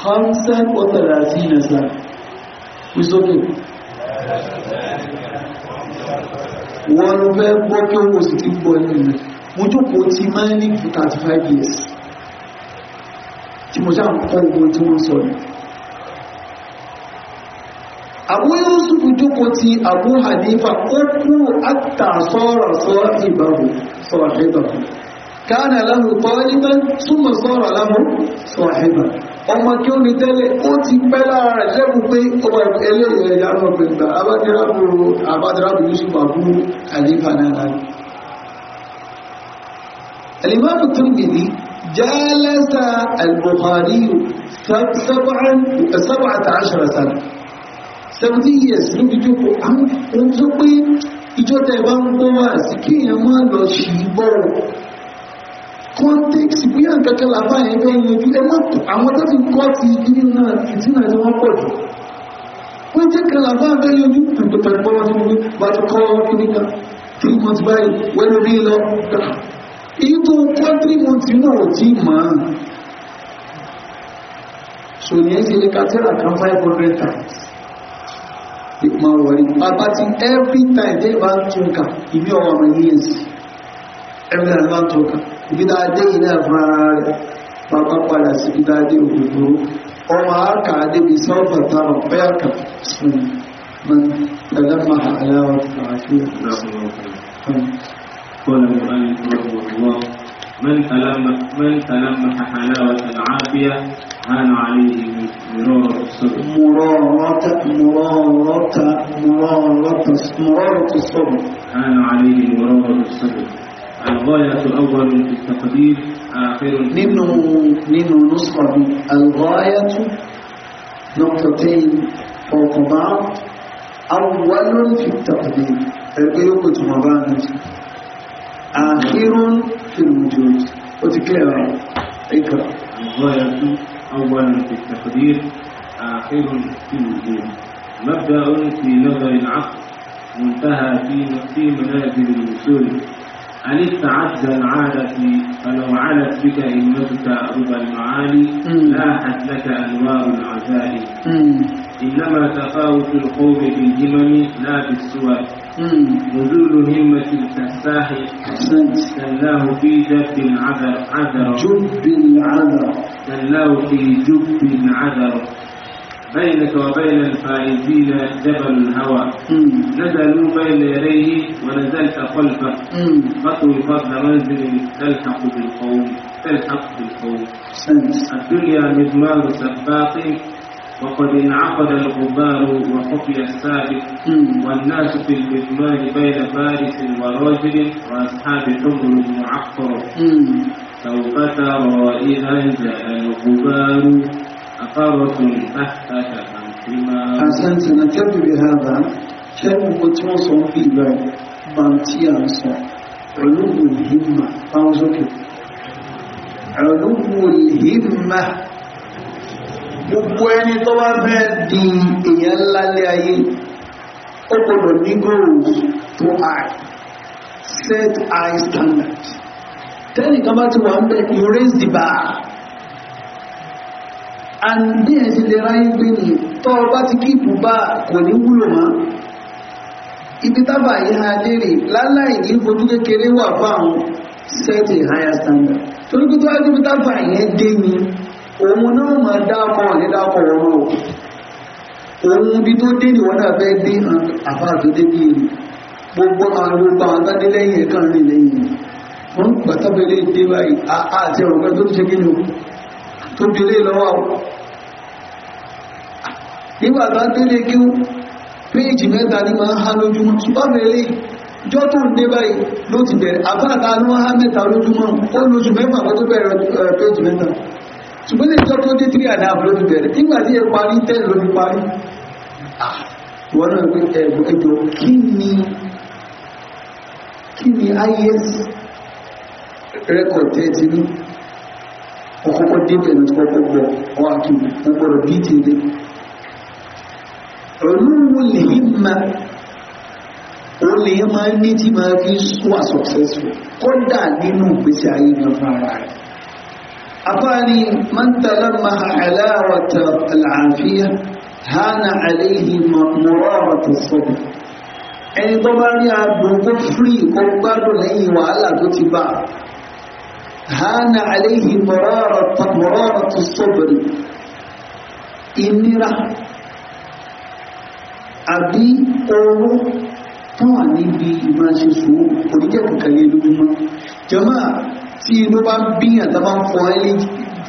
hamsan wa thalathina sana wíṣọ́kì wọ́n fẹ́ gbọ́ kí ó sí ti gbọ́ nínú mo jókòó ti Málíkì 35 years tí mo sáà kọ́ ogun tí wọ́n sọ yìí abu yusuf jukuti abu hanifa uku atta sora sahi babu sahiba كان له طالبا ثم صار له صاحبا اما كيوم تالي اوتي بلا رجب بي ابو حنيفه الامام الترمذي جالس البخاري سبعه عشر سنه seventy years ló fi jókòó àwọn ohun tó pé ìjọ tẹ bá ń gbọ́ wá sí kí èèyàn má lọ sí i bọ́ọ̀ context bí à ń kẹ́kẹ́ làbá yẹn fẹ́ yanjú ẹ má kù àwọn tó ti kọ́ ti kíní náà títí náà ni wọ́n pọ̀ jù wọ́n jẹ́ kẹ́kẹ́ làbá fẹ́ yanjú pẹ̀lú bọ́lá tó ní bá ti kọ́ kíní kan three months báyìí wẹ́n rí lọ èyí tó kọ́ three months náà ò tí ì mọ̀ án so ní ẹ́ ṣe lè ka tẹ́lá kan five hundred times máa wọ̀rí bàbá ti every time they want to come, ká ìbí ọmọ àwọn years every time bá ń tún ká ìbí dáa dé yìí náà fún ara rẹ̀ bàbá padà sí ìbí dáa dé òkòtò ọmọ àkà débi sọ́ọ̀bà táwọn ọ̀pẹ́ àkà sùn mọ́ tẹ̀lẹ́mà aláwọ̀ àfihàn. من تلمح من تلمح حلاوة العافية هان عليه مرارة الصبر مرارة مرارة مرارة مرارة الصبر هان عليه مرارة الصبر الغاية أول في التقدير آخر منه منه نصف الغاية نقطتين فوق بعض أول في التقدير الجيوب تمرانت آخر في الوجود وتكلمه اقرأ الظاهرة أولا في التقدير آخر في الوجود مبدأ في نظر العقل منتهى في في منازل الوصول ألف تعدى العادة فلو علت بك همتك ربى المعالي لاحت لك أنوار العزائم إنما تفاوت القوم بالهمم لا السور نزول همة الكساح سلاه في جب عذر عذر جب عذر سلاه في جب عذر بينك وبين الفائزين جبل الهوى نزلوا بين يديه ونزلت خلفه فطوي فضل منزل تلحق بالقوم تلحق بالقوم الدنيا مضمار سباق وقد انعقد الغبار وخفي السابق والناس في المزمان بين فارس ورجل واصحاب حمر معقر سوف ترى اذا جاء الغبار أقرة تحتك أنتما حسنت نكتب بهذا كلمة متوصل في الباب بانتيا علو الهمة علو الهمة gbogbo ẹni tó bá fẹ́ di èèyàn ńlá lé ayé ó gbọdọ̀ ní goals to eye set eye standard tẹ́nìkan bá ti wà ń bẹ̀ you raise the bar and bí ẹ̀ ti lè ráyé gbé ni tọ́ ọ bá ti kíìpù bá kò ní wúlò mọ́ ibi tábà yìí ha léèrè láláì ní fojú kékeré wà fún àwọn set a higher standard torí pé tó wá níbi tábà yẹn dé ni. òun náà máa dákọ̀ ní dákọ̀ ọ̀rọ̀ òun bí tó dé níwọ̀n náà fẹ́ dé àbá bí i gbogbo àwọn gbogbo lẹ́yìn ẹ̀kan rìn lẹ́yìn wọ́n a dé báyìí àti ọ̀rọ̀ tó ṣe kí tó ń dé báyìí ló ti bẹ̀rẹ̀ há mẹ́ta lójúmọ́ ó lójú mẹ́fà ṣùgbọ́n lè jọ tó dé tírí àdáàbò ló ti bẹ̀rẹ̀ nígbà tí ẹ parí tẹ́lẹ̀ ló ti parí wọ́n náà pé ẹ̀bùn ẹjọ́ kí ni kí ni is record tẹ́ ti ní ọkọ̀kọ́ dé pẹ̀lú tí kọ́kọ́ bọ̀ wọ́n kí wọ́n gbọ́dọ̀ bí ti dé olúwo lè yí ma ó lè máa ní tí máa fi sọ́wà successful kódà nínú ìgbésí ayé gan fún ara rẹ̀ أعطاني من تلمح حلاوة العافية هان عليه مرارة الصبر ẹni tó bá rí adùn kó fírí kó gbádùn lẹ́yìn wàhálà tó ti bá hánà àléhì mọ̀rọ̀rọ̀ tó sọ́bẹ̀rẹ̀ ìnira àbí oorun tó wà níbi ìmáṣe sùúrù oníjẹ́ kòkàlẹ̀ lójúmọ́ jàmáà tí inú bá ń bíyàn tó bá ń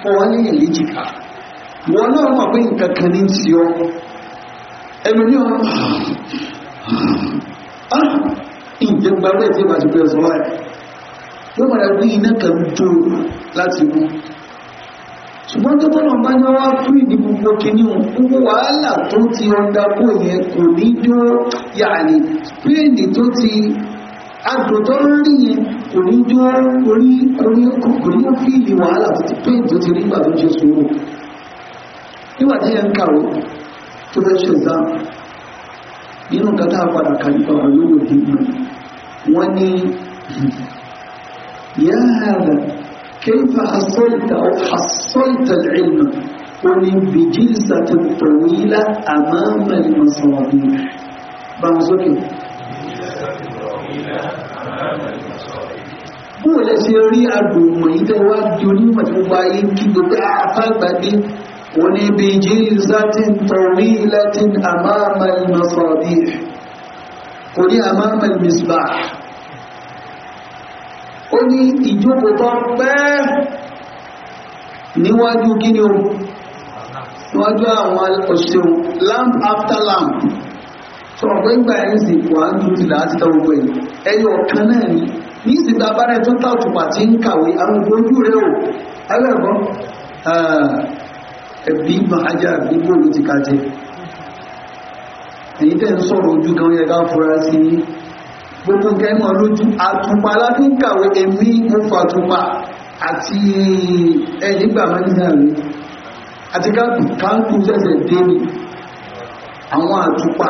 fọwọ́ léyìn léjìká wọn náà mọ̀ pé nǹkan kan ní ti ọ ẹnu ní ọ̀rọ̀ ah ìjẹgbà ah, ah, rẹ̀ tí ìbájú pé ọ̀sán láì yóò padà gbé iná kan tó láti mú ṣùgbọ́n tó tọ́nà bá ní wá fún ìdí gbogbo kìíní gbogbo wàhálà tó ti ọ̀dà kó yẹn kò ní dúró yàní spéèdì tó ti agbòtọ́ rí yẹn kò ní jó orí orí kò ní fíìlì wàhálà títí pé ìjọ ti rí gbàdó jẹ sùúrù nígbà tí yẹn ń kàwé tó fẹ́ ṣe ìdá nínú kátà padà kà nípa ọ̀yọ́ òdì mọ̀ wọ́n ní yá kéfà hasọ́ìtà ó hasọ́ìtà ìlmà ó ní bìjìlìsà tó tọ̀wílà àmàmà ìmọ̀sọ̀rọ̀ báwọn sókè bó lẹ ṣe rí agbòmọ̀ yìí tẹ́ wá di onímọ̀ tí gbogbo ayé kí gbogbo àfàgbàdé òní bí jíìsátì tọ̀rí láti àmàmàlì masọ̀bí kò ní àmàmàlì misbà ó ní ìjókòtọ́ pẹ́ níwájú kí ni o níwájú àwọn òṣèlú lamp after lamp tó ọ̀pẹ́ gbà ẹ̀ ń sì kò á ń tó ti láti tọ́ gbogbo ẹ̀ ẹyọ ọ̀kan náà ni ní ìsìnkú abárẹ̀ tó tà òtùpà tí ń kàwé àwọn ojú rẹ̀ ò ẹlẹ́gbọ́n ẹbí mahajà bí bóòlù ti ka jẹ èyí tẹ́ ń sọ̀rọ̀ ojú kan yẹ ká fura sí i gbogbo kẹ́mọ̀ lójú àtùpà láti ń kàwé èmi mo fàtùpà àti ẹni gbà mẹ́ta rẹ̀ àti káàkù káàkù sẹ̀sẹ̀ dé ni àwọn àtùpà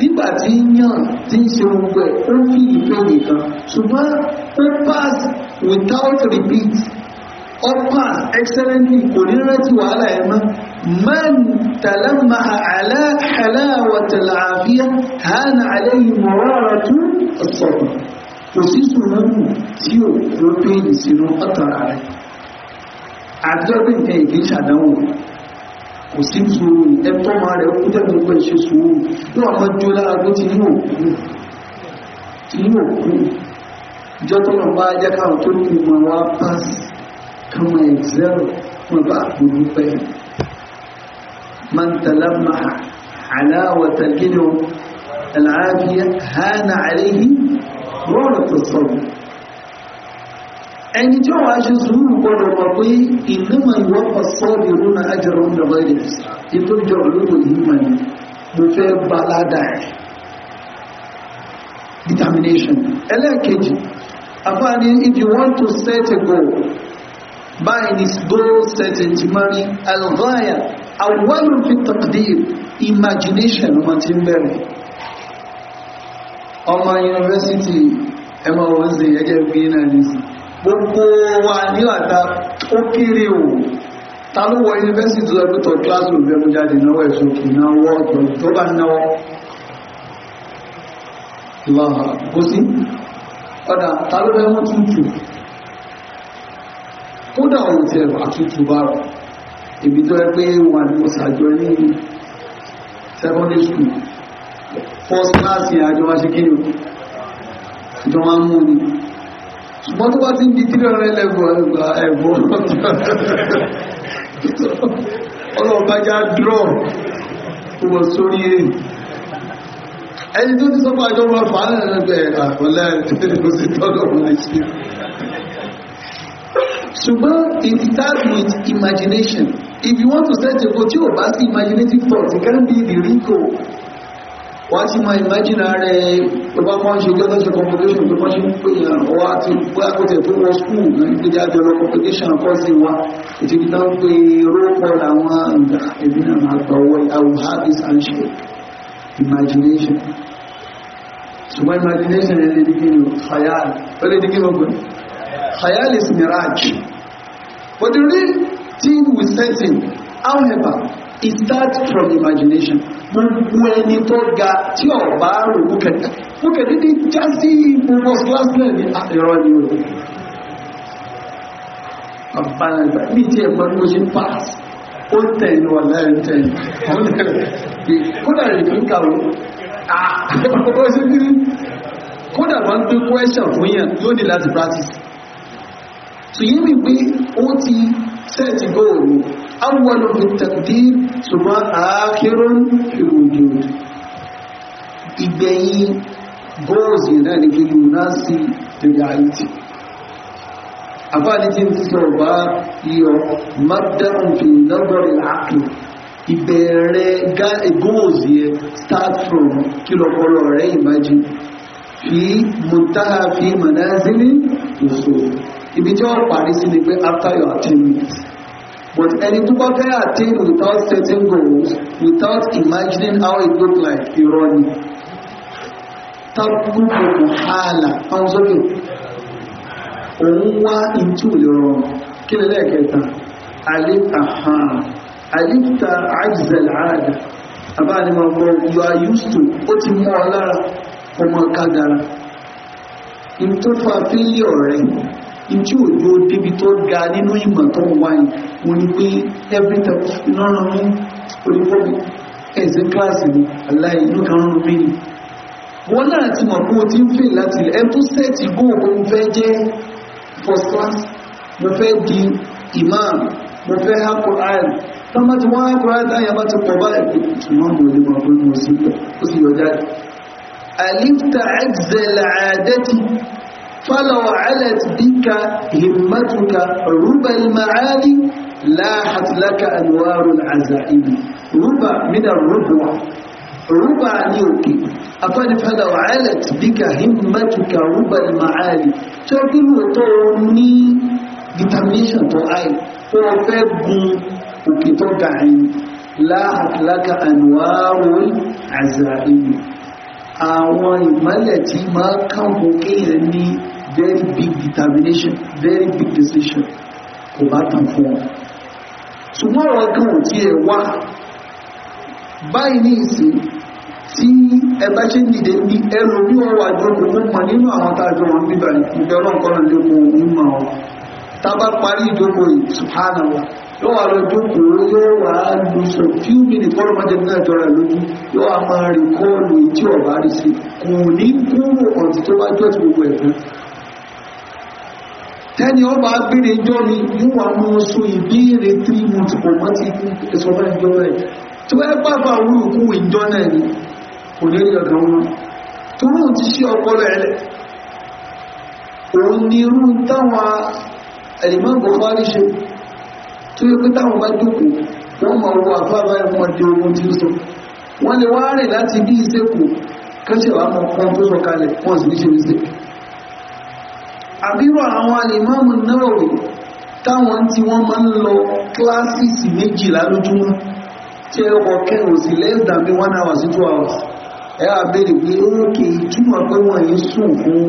nígbà tí ń yàn tí ń ṣe gbogbo ẹ̀ ó fi ìfẹ́ nìkan ṣùgbọ́n ó pass without repeat ó pass excellently kò ní rántí wàhálà ẹ̀ mọ́ man tàlámà àlá àláwà tàlàáfíà hàn àlẹ́yìn mọ̀rọ̀ tún ọ̀sọ̀rọ̀ kò sí sùúrù tí ò ló pé ìsinú ọ̀tọ̀ra rẹ̀ àjọ́gbìn nǹkan ìgbésàdánwò kò sí sùúrù ẹ̀tọ́ máa rẹ̀ ó tẹ́ gbogbo ìṣe sùúrù ní ọmọ jó lára tó ti ní òkú ti ní òkú ìjọ tó lọ bá jẹ́ káwọn tó kù mọ̀ wá pass kama ẹ̀zẹ́rù wọn bá àgbòrò pẹ́ man talama alawata gino al'afiya hana alehi rọrọ tó sọ̀rọ̀ ẹni tí ó wá ṣe sùúrù gbọdọ̀ mọ̀ pé ìgbìmọ̀ ìwọ́pọ̀ sọ́ọ̀dì rúnà ajẹ́rọ̀ ń dọ̀bọ̀ èdè ètò ìjọ olóògùn yìí mọ̀ ní mo fẹ́ balada ẹ̀ determination ẹlẹ́ẹ̀kejì àfáàní if you want to set a goal by this goal certainty mari alghaya awwalun fi taqdir imagination ọmọ tí ń bẹ̀rẹ̀ ọmọ yunifásitì ẹmọ wọn sì ẹjẹ bí náà nìsí gbogbo wa nílàta ó kéré o ta ló wọ yunifásitì tó lọ́pẹ́ tọ́ kíláàsì òbí ẹmu jáde náwó ẹ̀sùn kì í náwó tó bá náwó lọ́hà kó sí ọ̀dà ta ló fẹ́ tútù kódà ti ẹ̀rọ àtútù bá rọ̀ ibi tó ní secondary school first class ṣùgbọ́n tó bá ti ń di three hundred level ẹgbà ẹ̀wọ̀n ọlọ́ọ̀bájá draw wọ sórí èyí ẹni tó ti sọ́pọ̀ àjọ máa fà á lẹ́nà bẹ̀rẹ̀ àpọ̀lẹ́ ẹ̀kọ́ sí tọ́lọ̀ wọlé sí ṣùgbọ́n it starts with imagination if you want to set a goal tí imaginative thoughts it can be the real wá sí máa imagine ààrẹ tó bá kọ́ ń ṣe gbọ́dọ̀ ṣe complication tó kọ́ ṣe ń pè yàn wá ti pé àkótẹ̀ pé wọ́n school ní ìgbéjà jọ lọ complication kọ́ sí wa ètò ìgbà ń pe róòpọ̀ làwọn ìgbà ẹ̀mí náà máa gbà wọ́ I will have this handshake imagination ṣùgbọ́n imagination yẹn lè di kí ni khayal ó lè di kí ni ogun khayal is mirage but the real thing we setting however Is that from imagination gbogbo ẹni tó ga tí ọba rò wúkẹ̀kẹ̀ wúkẹ̀kẹ̀ ní já sí gbogbo class náà ní àtẹ̀rọ ah, ni o àbáyàgbà ní tí ẹ̀mọ́ ló ṣe pass ó tẹ̀yìn wà láàrin tẹ̀yìn kódà rẹ̀ ah, kí n kàwé àkọ́kọ́ sí kiri kódà wọ́n gbé question fún yàn yóò ní láti practice so yé mi pé ó ti set goal أول fi taqdir ṣùgbọ́n àákírún fi wujud ìgbẹ̀yìn góòzì náà ní kílù náà sí reality àbáàdé tí ń sọ bá yọ mọ́dán fi ẹ start from kílọ̀kọ́lọ̀ rẹ̀ imagine fi mùtáhà fi manazili òṣòro ibi tí wọ́n parí sí ni pé after your attainment But any tukafẹ́ attain without setting goals, without imagining how it looked like, irọ́ ni. Tábùkù hàlà, ọ̀hún sókè. Òun wá ìtú ìrọ̀ kí lè lẹ́ẹ̀kẹta. Àlífà hàn. Àlífà àjìzẹ̀lẹ̀ àádà. Àbá About mo mọ you are used to, ó ti mọ́ ọ lára ọmọ kádàrà. Ìtúfà fílíọ̀ rẹ̀ ìjí òjò débi tó ga nínú ìmọ̀ tó ń wáyé mo ní pé every time iná ràn mí onífọ́bí ẹ̀sìn kíláàsì mi aláì inú kan ràn mí ni wọ́n náà ti mọ̀ pé o ti ń fè láti ilẹ̀ ẹ̀tún sẹ́ẹ̀tì gbóògbó mo fẹ́ jẹ́ first class mo fẹ́ di imam mo fẹ́ Al-Qur'an tó má ti wọ́n Al-Qur'an táyà bá ti pọ̀ báyìí ìmọ̀ mo lè mọ̀ pé mo sì yọjá àlìftà ẹ̀jẹ̀ làádẹ́tì فلو علت بك همتك ربا المعالي لاحت لك أنوار العزائم ربا من الربوة ربا نيوكي أفاد فلو علت بك همتك ربا المعالي تقول توني determination to I tó o fẹ́ gun òkè tó ga yìí láhat láka àwọn ìmọ́lẹ̀ tí máa kàn fún kéèyàn ní very big determination very big decision kò bá tàn fún wọn ṣùgbọ́n ọ̀rọ̀ kan ò tiẹ̀ wá báyìí ní ìsìn tí ẹ bá ṣe ń dìde ní ẹrù bí wọ́n wà jọ kò mọ̀ nínú àwọn tájọ wọn bíbà ìgbẹ́ ọlọ́nkọ́nà lẹ́kọ̀ọ́ mímọ̀ wọn tá bá parí ìjókòó yìí subhanallah yóò wà lọ jókòó yóò wà á lu sọ few minutes kọ́ ló máa jẹ nígbà jọra lójú yóò wà máa rí kọ́ọ̀lù tí ọ̀bá rí sí kò ní kúrò ọ̀tí tó bá jọ́ ti gbogbo ẹ̀fẹ́ tẹ́ni ó bá gbére jọ ni mú wà mọ́ oṣù ìbéèrè 3 months kò mọ́ ti ẹ̀sọ́ bá ìjọ rẹ̀ tí wọ́n pàpà orúkú ìjọ náà ni kò ní ọ̀dọ̀ wọn tó rùn ti ṣe ọpọlọ ẹ̀lẹ̀ òun ni irú táwọn ẹ̀lìmọ́ Bukhari ṣe tó yẹ pé táwọn bá jókòó wọ́n mọ̀ ọ̀rọ̀ àfáàbá ẹ̀mọ́ di ogun tí ó sọ wọ́n lè wá rìn láti bí ìsẹ́kù kẹ́sẹ̀ wà mọ̀ kan tó sọ kalẹ̀ wọ́n sì ní àbírọ̀ àwọn alìmọ́mù Nawawi táwọn tí wọ́n máa ń lọ kíláàsìsì méjìlá lójúmọ́ tí ẹ̀kọ́ kẹrùn sí less than bí one hour sí two hours ẹ àbẹ̀rẹ̀ pé ókè ìtumọ̀ pé wọ́n yìí sùn fún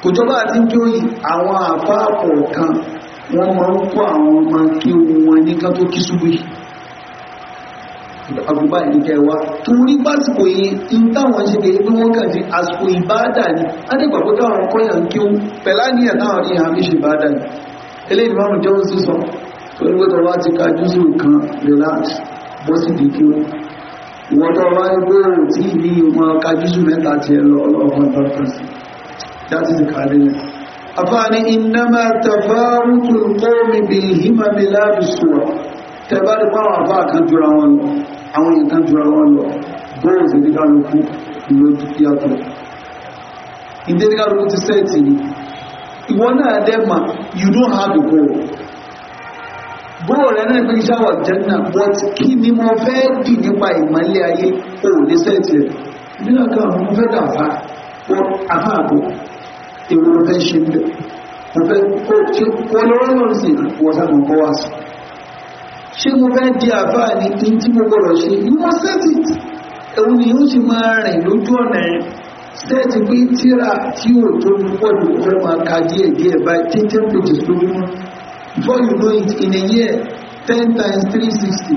kò jọba àti jóyì àwọn àfáàpọ̀ kan wọ́n máa ń kó àwọn ọmọ kí wọn ní ká tó kí súbú agbóbá ìdíkẹ́ wa torí pásìkò yìí in táwọn ṣe kèé bí wọ́n kàn sí àsìkò ìbáadà ni a ní gbàgbọ́ táwọn kọ́yà ń kí ó pẹ̀lá ní ẹ̀táwọn ní àmì ṣe ìbáadà ni ilé ìmáàmù jẹ́ ó sísọ torí pé tọwá ti ka júsù kan relax bọ́ sí di kí ó ìwọ́n tọwá ní pé òun tí ìní ìmọ̀ ka júsù mẹ́ta ti ẹ lọ ọlọ́ọ̀kan dọ́kítà sí that is the calendar afaani innama tafawutul qawmi bil himami la bisura tẹbárí báwọn àbá kan jura wọn lọ àwọn èèyàn kan jura wọn lọ bóòlù sí díkàlùkù ló yàtọ̀ ìdí díkàlùkù ti sẹ́ẹ̀tì ni ìwọ náà dẹ́mà you don't have a goal bóòlù rẹ̀ náà pé iṣẹ́ àwọn jẹ́nà but kí ni mo fẹ́ dì nípa ìmọ̀lẹ̀ ayé o ní sẹ́ẹ̀tì rẹ̀ nínú kan mo fẹ́ dà fà ó àfáàbò èrò mo fẹ́ ṣe ń bẹ̀ mo fẹ́ kó ṣe kó lọ́rọ́ lọ́rọ́ sí ìwọ̀sán mọ̀ ṣé mo fẹ́ di àfáà ní in tí mo gbọ́dọ̀ ṣe you must set it ẹ̀wọ̀n ni yóò ṣe máa rìn lójú ọ̀nà ẹ̀ sẹ́ẹ̀tì pé tíra tí ò tó ń pọ̀ fẹ́ máa ka díẹ̀ díẹ̀ báyìí ten ten pages before you know it in a year ten times three sixty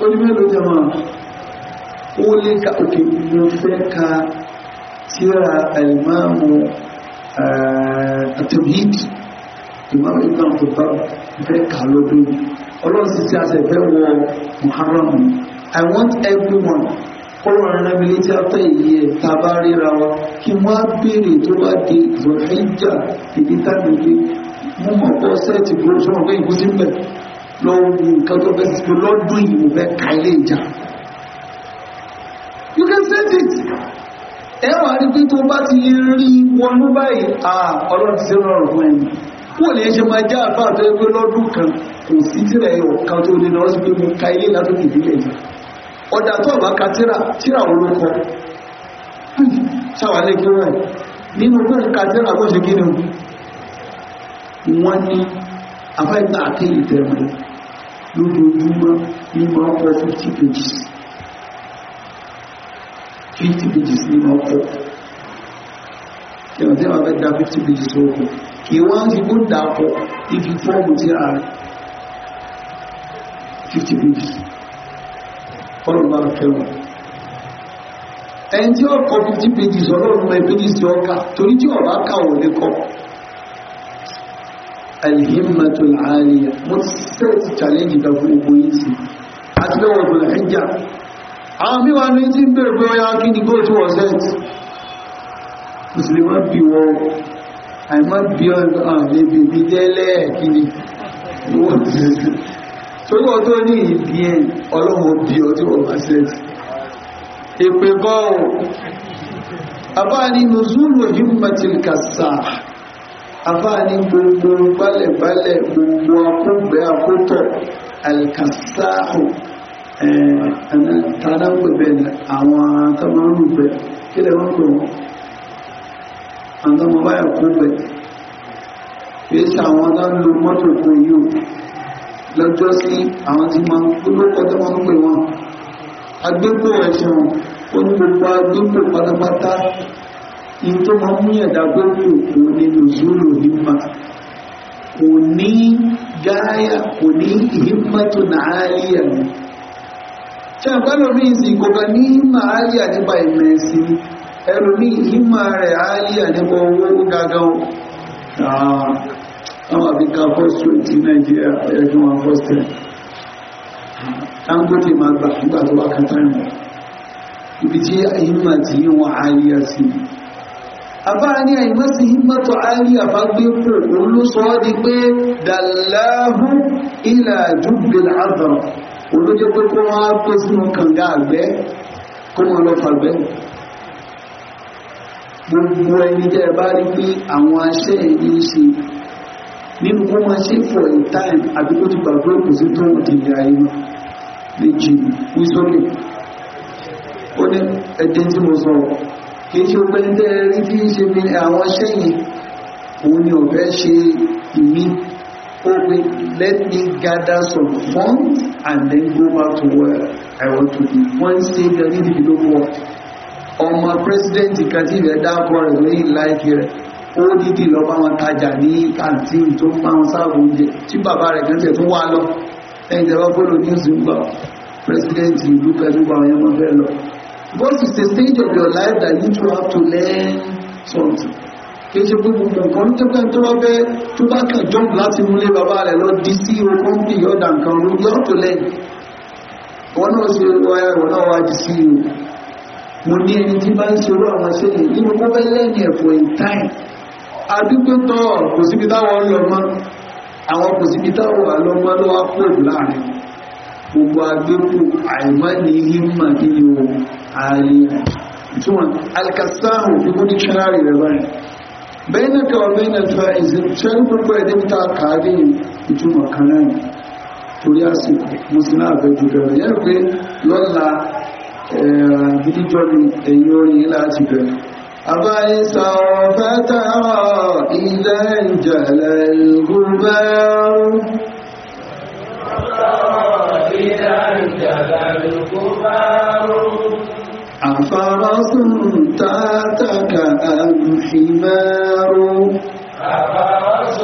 ó ní mélòó jẹ́ máa ó lè ka ìgbà òkè bá fẹ́ eh, lọ́dún ọlọ́run sì ti àṣẹ fẹ́ wọ Muharram I want everyone kọ́rọ̀ arábìlẹ̀ tí a fẹ́ yìí ẹ̀ ta bá ríra wa kí wọ́n á béèrè tó bá di zọ̀híjà ìdí tàbí mú mọ̀ bọ́ sẹ́ẹ̀tì gbogbo sọ́run pé ìkú sí mẹ́ lọ́wọ́ nǹkan tó fẹ́ sí lọ́dún yìí mo fẹ́ ka ilé ìjà you can set it ẹ wà rí pé tó bá ti rí wọnú báyìí ọlọ́run ti ṣe rọrùn fún ẹ̀yìn kó lè ṣe máa já àbá àtọ́ ẹgbẹ́ lọ́dún kan kò sí tíra ẹ̀ ọ̀kan tó lè lọ́rọ́ sí pé mo ka ilé látòkè ìbílẹ̀ yìí ọ̀dà tó ọ̀bá ka tíra tíra wọn ló kọ sáwàlẹ̀ kí wọ́n nínú pé ka tíra bọ́ ṣe kíni wọ́n ní afẹ́ta àkéyì tẹ̀wọ̀n lójoojúmọ́ ní máa kọ 50 pages 50 pages ní máa kọ tẹ̀wọ̀n tẹ́wọ̀n fẹ́ da 50 pages ó kù kí wọ́n ti kó dà pọ̀ ibi fọ́ọ̀mù tíra rẹ̀ fifty pages fọ́nà bá fẹ́ràn ẹni tí ó kọ fifty pages ọlọ́run mọ pages tí ó kà torí tí ọba kà ò lè kọ alhimmatu alaliya mo ti sẹ́ẹ̀tì challenge ìgbà fún gbogbo yìí sí àti bẹ́ẹ̀ wọ́n bọ̀lẹ̀ ẹ̀jà àwọn bí wọn ní tí ń bèrè pé ọyá kí ni góòtù wọ́n sẹ́ẹ̀tì mùsùlùmí bí wọ́n àìmọ́ bí ọ̀rẹ́ bí bí délẹ̀ kí ni wọ́n sẹ́ẹ̀tì torí ọdún ó ní ìbí ẹ̀ ọlọ́run òbí ọdún ọmọ sẹ́ẹ̀tì èpè bọ́ọ̀ àbáni nùzúlù himmatil kàṣà àbáni gbogbo balẹ̀balẹ̀ gbogbo akógbẹ́ akótọ̀ alkàṣàhù tàdápẹ̀bẹ̀ àwọn tọ́mọ̀rúgbẹ̀ kílẹ̀ wọ́n pè wọ́n àwọn tọ́mọ̀ báyà kógbẹ̀ kìí sàwọn tán lo mọ́tò kó yíò lọ́jọ́ sí àwọn tí máa ń gbólókọ tó máa ń pè wọn agbégbò ẹ̀sùn oní gbogbo agbégbò pátápátá ní tó máa ń mú ẹ̀dá gbégbò òun ni lòzúlò nípa kò ní gáyà kò ní ìhímọ́tò nàálíyà ni tí àgbálò ní ìsìn kò ní ìhímọ̀ nípa ìmọ̀ ẹ̀sìn ẹ̀rù ní ìhímọ̀ rẹ̀ àálíyà nípa owó gágá àwọn àbíká fọ́sítréètì nàìjíríà ẹ̀kí wọn fọ́sítréètì dangote máa gbà nígbà tó wà kátà rìn ibi tí àyíma tí wọn àríyá sí àbá ní àyíma sí hímọ́tọ̀ àríyá bá gbé pò olóṣọ́ di pé dàláhù ilà jùgbìl àzọ̀ olójẹ́ pé kó wọ́n á pé sínú kànga àgbẹ́ kó wọ́n lọ fàgbẹ́ gbogbo ẹni jẹ́ bá rí pé àwọn aṣẹ́ yìí ṣe nínú kó máa ṣe for a time àbí kó ti gbàgbé kò sí tó ń tèlé ayé méjì wíṣọ́lẹ̀ ó ní ẹ̀dẹ́ tí mo sọ kìí ṣe ọgbẹ́ ẹ̀dẹ́ rí kí ṣe mi àwọn sẹ́yìn òun ni ọ̀fẹ́ ṣe ìmí ó pé let me gather some funds and then go back to where I want to be one state that need to be local ọmọ president kan tí ìrẹ̀ dákọ̀ rẹ̀ lórí láìkí rẹ̀ ó dídì lọ bá wọn tajà ní kàntín tó bá wọn sáàbò oúnjẹ tí bàbá rẹ̀ kẹ́ńtẹ̀ tó wá lọ ẹ̀yìn tẹ́wọ́ fọ́lò news ń gbọ́ president ìlú pẹ̀lú àwọn ẹmọ bẹ́ẹ̀ lọ because it's a stage of your life that you too have to learn something kì í ṣe pé gbogbo nǹkan tó kẹ́ tó bá fẹ́ tó bá kàn jump láti múlé bàbá rẹ̀ lọ di sí e o kọ́ńtì yọ̀dà nǹkan ló yọ̀ tó lẹ́yìn wọn náà ṣe wáyà wọn náà wá di sí e o mo ní ẹni tí bá ń ṣe olú àwọn ṣe nínú kọ́fẹ́ lẹ́yìn ẹ̀fọ́ in time adúgbòtọ́ kò síbi táwọn lọ mọ́ àwọn kò síbi táwọn àlọ́mọ́ ló wá pò láàrin gbogbo agbépo àìmọ́ ní hímà kí ni o ààrẹ ìtumọ̀ alkasáhù gbogbo ní kíláàrí rẹ̀ báyìí bẹ́ẹ̀ náà kẹwàá bẹ́ẹ̀ náà fẹ́ ìsìn ṣẹ́rí gbogbo ẹ̀dẹ́ níta kàárí ìtumọ̀ kan náà torí àsìkò mùsùlùmí àbẹ̀jù bẹ̀rẹ̀ yẹ́n pé lọ́la eh, أبيسا فترى إذا انجلى الغبار أفرس تاتك أم حمار أفرس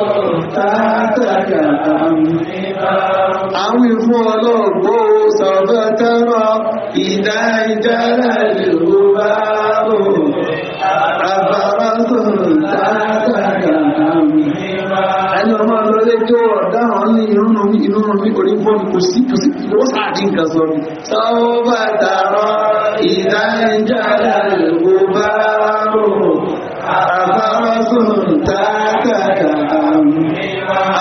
تاتك أم حمار أو الفلوب سبترى إذا انجلى الغبار ẹni ọmọ lọlé tó ọ̀dáhàn ní ìrúnà mi ìrúnà mi orí fọ́n kò sí kò sí ó sáàdì nǹkan sọ ní sọ́wọ́ bá tààrọ ìdájádà ló bá rò àbárásùn tààkàtà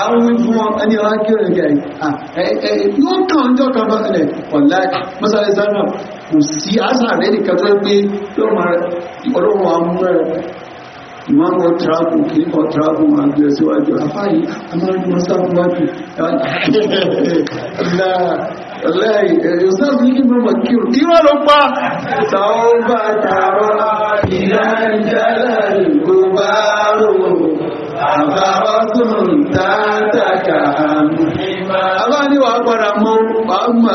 àwọn ìfún ẹni ọlá kí ọ̀rẹ́ gẹ̀ẹ́ kò sí àṣà rẹ̀ nìkan tó gbé ọlọ́run amúrẹ̀ ìwọ́n kọ tíráàbù kì í kọ tíráàbù máa gbé síwájú afáyí amáyíwọ́n sáwájú lẹ́yìn ìsáàtì ní ìbúrú mọ̀kírù kí wọ́n ló pa tàwọn bá tàwọn ìlànjẹ́lẹ̀ ìgbòbárò àbáwọ́ tún tààtàkà àmì àbá ní wàá padà mọ́ pàmà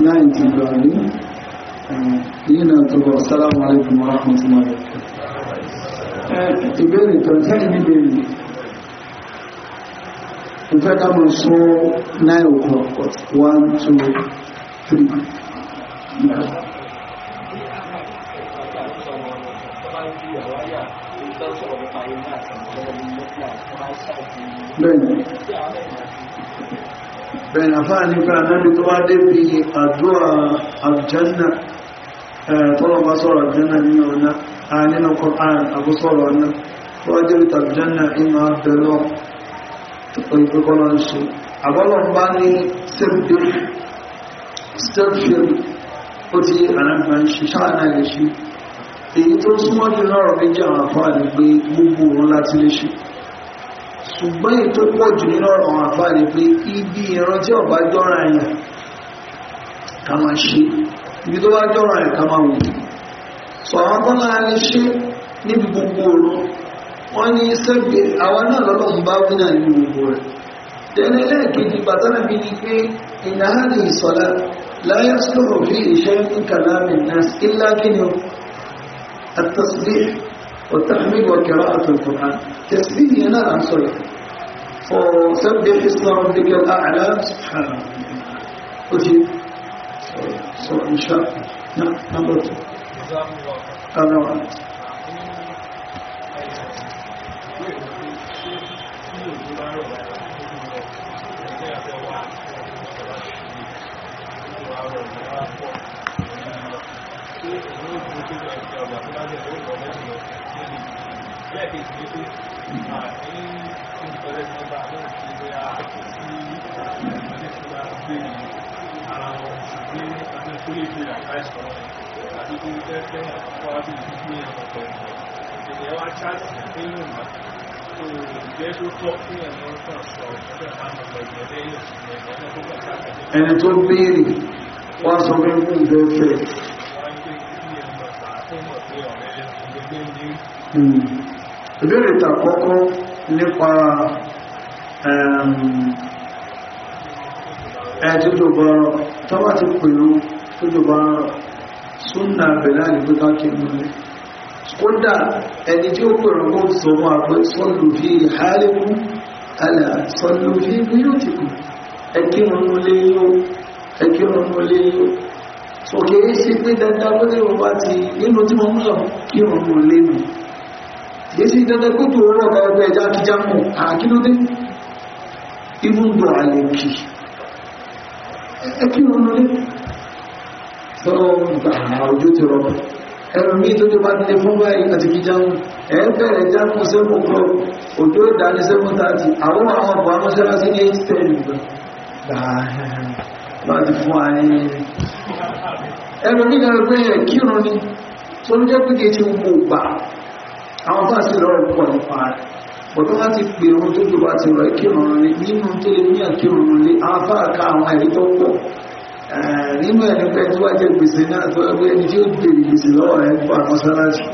9 ti lọ ní yínà tó bọ̀ sálàmù aláìkùn warahmatullahi ìbéèrè tó tẹ́lẹ̀ níbèrè mo fẹ́ ká mọ̀ sọ 9 o'clock one, two, three. Yeah. Bẹ́ẹ̀ni bẹ̀rẹ̀ àfáà nípa ànábi tó wá débi àdúrà àjẹ́nà tọ́lọ́bá sọ̀rọ̀ àjẹ́nà nínú ọ̀nà nínú Qur'an àbúsọ̀rọ̀ ọ̀nà tó wá débi tàbíjẹ́nà inú abẹ́lọ́ ìpínkọ́lọ́ ń ṣe àbọ́lọ̀ bá ní stepfield ó ti ànábi ń ṣe ṣáàná lè ṣe èyí tó súnmọ́ jù lọ́rọ̀ méjì àwọn àfáà ní pé gbogbo òun láti lè ṣe ṣùgbọ́n èyí tó pọ̀ jù nínú ọ̀rọ̀ àwọn àfáà ni pé ibi ìran tí ọ̀bá jọ́ra ẹ̀yàn ká máa ṣe ibi tó bá jọ́ra ẹ̀ ká máa wù sọ àwọn tó náà lè ṣe níbi gbogbo ọ̀rọ̀ wọ́n ní sẹ́gbẹ̀ àwọn náà lọ́lọ́run bá wí náà nínú gbogbo rẹ̀ tẹ́lẹ̀ lẹ́ẹ̀kejì bàtánà bí ni pé ìnáhàlì ìsọ̀lá láyé sọ̀rọ̀ bí ìṣẹ́ ń kàlámì náà ilá kí ni والتحميد وقراءة القرآن تسبيح ينال عن صلاة وسبح اسم ربك الأعلى سبحان الله أجيب إن شاء الله نعم نعم أنا Thank you. ẹni tó béèrè wọ́n sọ pé kú ń bẹ́ẹ̀ fẹ́ ìbéèrè ta kọ́kọ́ nípa ẹ̀ẹ́dẹ́dọ̀gbọ́rọ̀ tó bá ti pèrò tó dọ̀gbọ́rọ̀ súnà bẹ̀rẹ̀ àdìgbòtà kìnnìyàn kódà ẹni tí ó pèrò kó sọ mọ́ àpẹ́ sọ́lù fi ìhálẹ́kú alà sọ́lù fi bíyótìkù ẹkírùnú lé yóò ẹkírùnú lé yóò sókè é sí pé dandan lórí ti nínú tí mo mú lọ kírùnú lé mi gbèsè dandan kó tó rọ ọba ẹgbẹ́ ẹja kíjá mọ àkílódé ibùdó àlèkì ẹkí wọn lé tọrọ gbà òjò ti rọ ẹrù mí tó tó bá nílé fún báyìí àti kíjá mọ ẹ bẹ̀rẹ̀ já mọ sẹfún kọ òjò ìdání sẹfún tààtì àwọn àwọn ọmọ amọsẹlásí ní eight ten gbà gbà láti fún ní ẹrù mí náà gbé ẹ ni tó ń jẹ pé kejì ń àwọn bá sì lọ́rọ̀ púpọ̀ nípa rẹ̀ bọ̀tọ́ bá ti pè ohun tó jọba ti rọ̀ kí òun lé nínú tó lè ní àkí òun lé afá ka àwọn ẹ̀rí tó pọ̀ nínú ẹni pẹ́ tó wá jẹ gbèsè náà tó ẹgbẹ́ ẹni tí ó bèrè gbèsè lọ́wọ́ rẹ̀ fún àwọn sáláṣí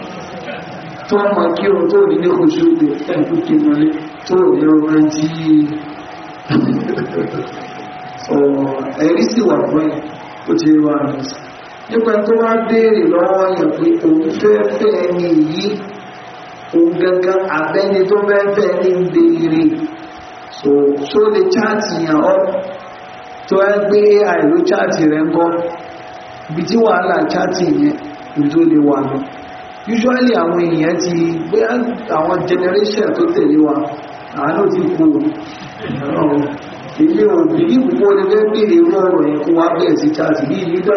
tó mọ kí òun tó ní ní oṣù ìgbè ẹ̀kú kí òun lé tó ní ọmọ jí ẹ̀rí sì wà fún ẹ̀ ó ti wà nípa tó wá béèrè lọ́wọ́ yẹn pé òun fẹ́ fẹ́ ẹni yìí ògangan àbẹ́ni tó fẹ́ fẹ́ ní ìdèrè so lè chaati tó ẹ gbé àìló chaati ibi tí wàhálà chaati yẹn wà lọ usually àwọn ti gbé àwọn generation tó tẹ̀lé wa àánú ti kú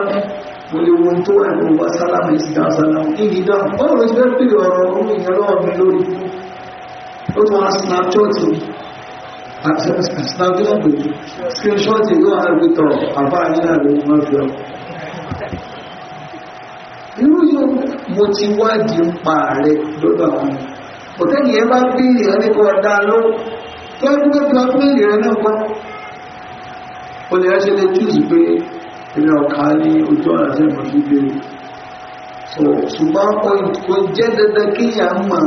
ìlú mo lè wo tó wà ní ọwọ́ sálámù ìsìnkà sálámù ìdí dáhùn báwo ló ti fẹ́ pè ọ̀rọ̀ ọmọ ìyẹn lọ́wọ́ mi lórí ó tún wá snapchat snapchat pé screenshot ìlú àgbẹ̀tọ̀ àbá nílà ló máa fi ọ. irú yóò mo ti wádìí ń pa rẹ lọ́dọ̀ àwọn òtẹ́ni ẹ bá béèrè ọ nípa ọ̀dà lọ́wọ́ tó ẹgbẹ́ bí wọ́n béèrè rẹ olè ẹ ṣe lè júùsì pé nínú ọ̀ká ní ojú ọ̀nà tí mo fi gbé ṣùgbọ́n kò jẹ́ dandan kíyàn mọ̀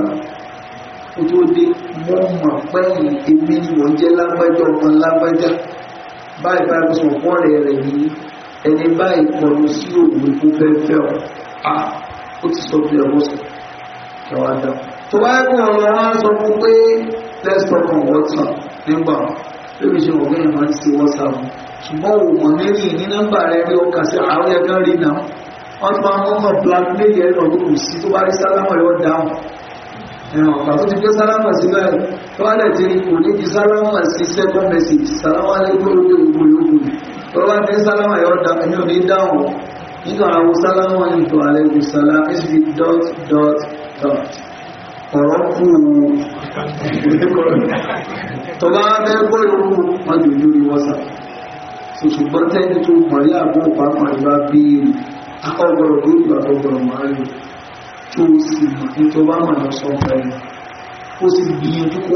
kó tó dé mo mọ̀ pẹ́yìn èmi ni mo jẹ́ lágbájá ọmọ lágbájá báyìí báyìí kò sọ̀kọ́ rẹ̀ rẹ̀ ní ẹni báyìí kọlu sí òun kó fẹ́ fẹ́ ọ a ó ti sọ pé ọwọ́ sọ kẹwàá dá tó wáyé kó wọn lọ wọn sọ fún pé let's talk on WhatsApp nígbà wọn lórí ìṣòwò kẹ́yìn máa ń ṣe WhatsApp ṣùgbọ́n ò mọ̀ nírí ní nọ́mbà rẹ̀ rí ó kàn sí àwọn ẹgbẹ́ rí náà wọ́n ti máa mọ́mọ́ blackmail ẹ̀rọ tó kù sí tó bá rí sálámà yọ dáhùn ẹ̀rọ ọ̀gbà tó ti gbé sálámà sí báyìí tó wá lẹ̀ ti kò ní ju sálámà sí second message sálámà lé gbólógbé gbogbo yòókù tó bá dé sálámà yọ dáhùn ẹni ò ní dáhùn nígbà àwọn sálámà ní ìtò àlẹ́ ìlú sálá hb dot dot dot ọ̀rọ̀ kú tó bá bẹ́ẹ̀ gbólógbó wọn jòjó ní wọ́sàpù ṣùgbọ́n tẹ́ni tó mọ̀rí àbúrò pàápàá ìgbà béèrè akọ́gbọ̀rọ̀ ló ìgbà gbọ́gbọ̀rọ̀ máa lò tó o sọ pẹ́ ẹ̀ ó sì gbìyànjú kó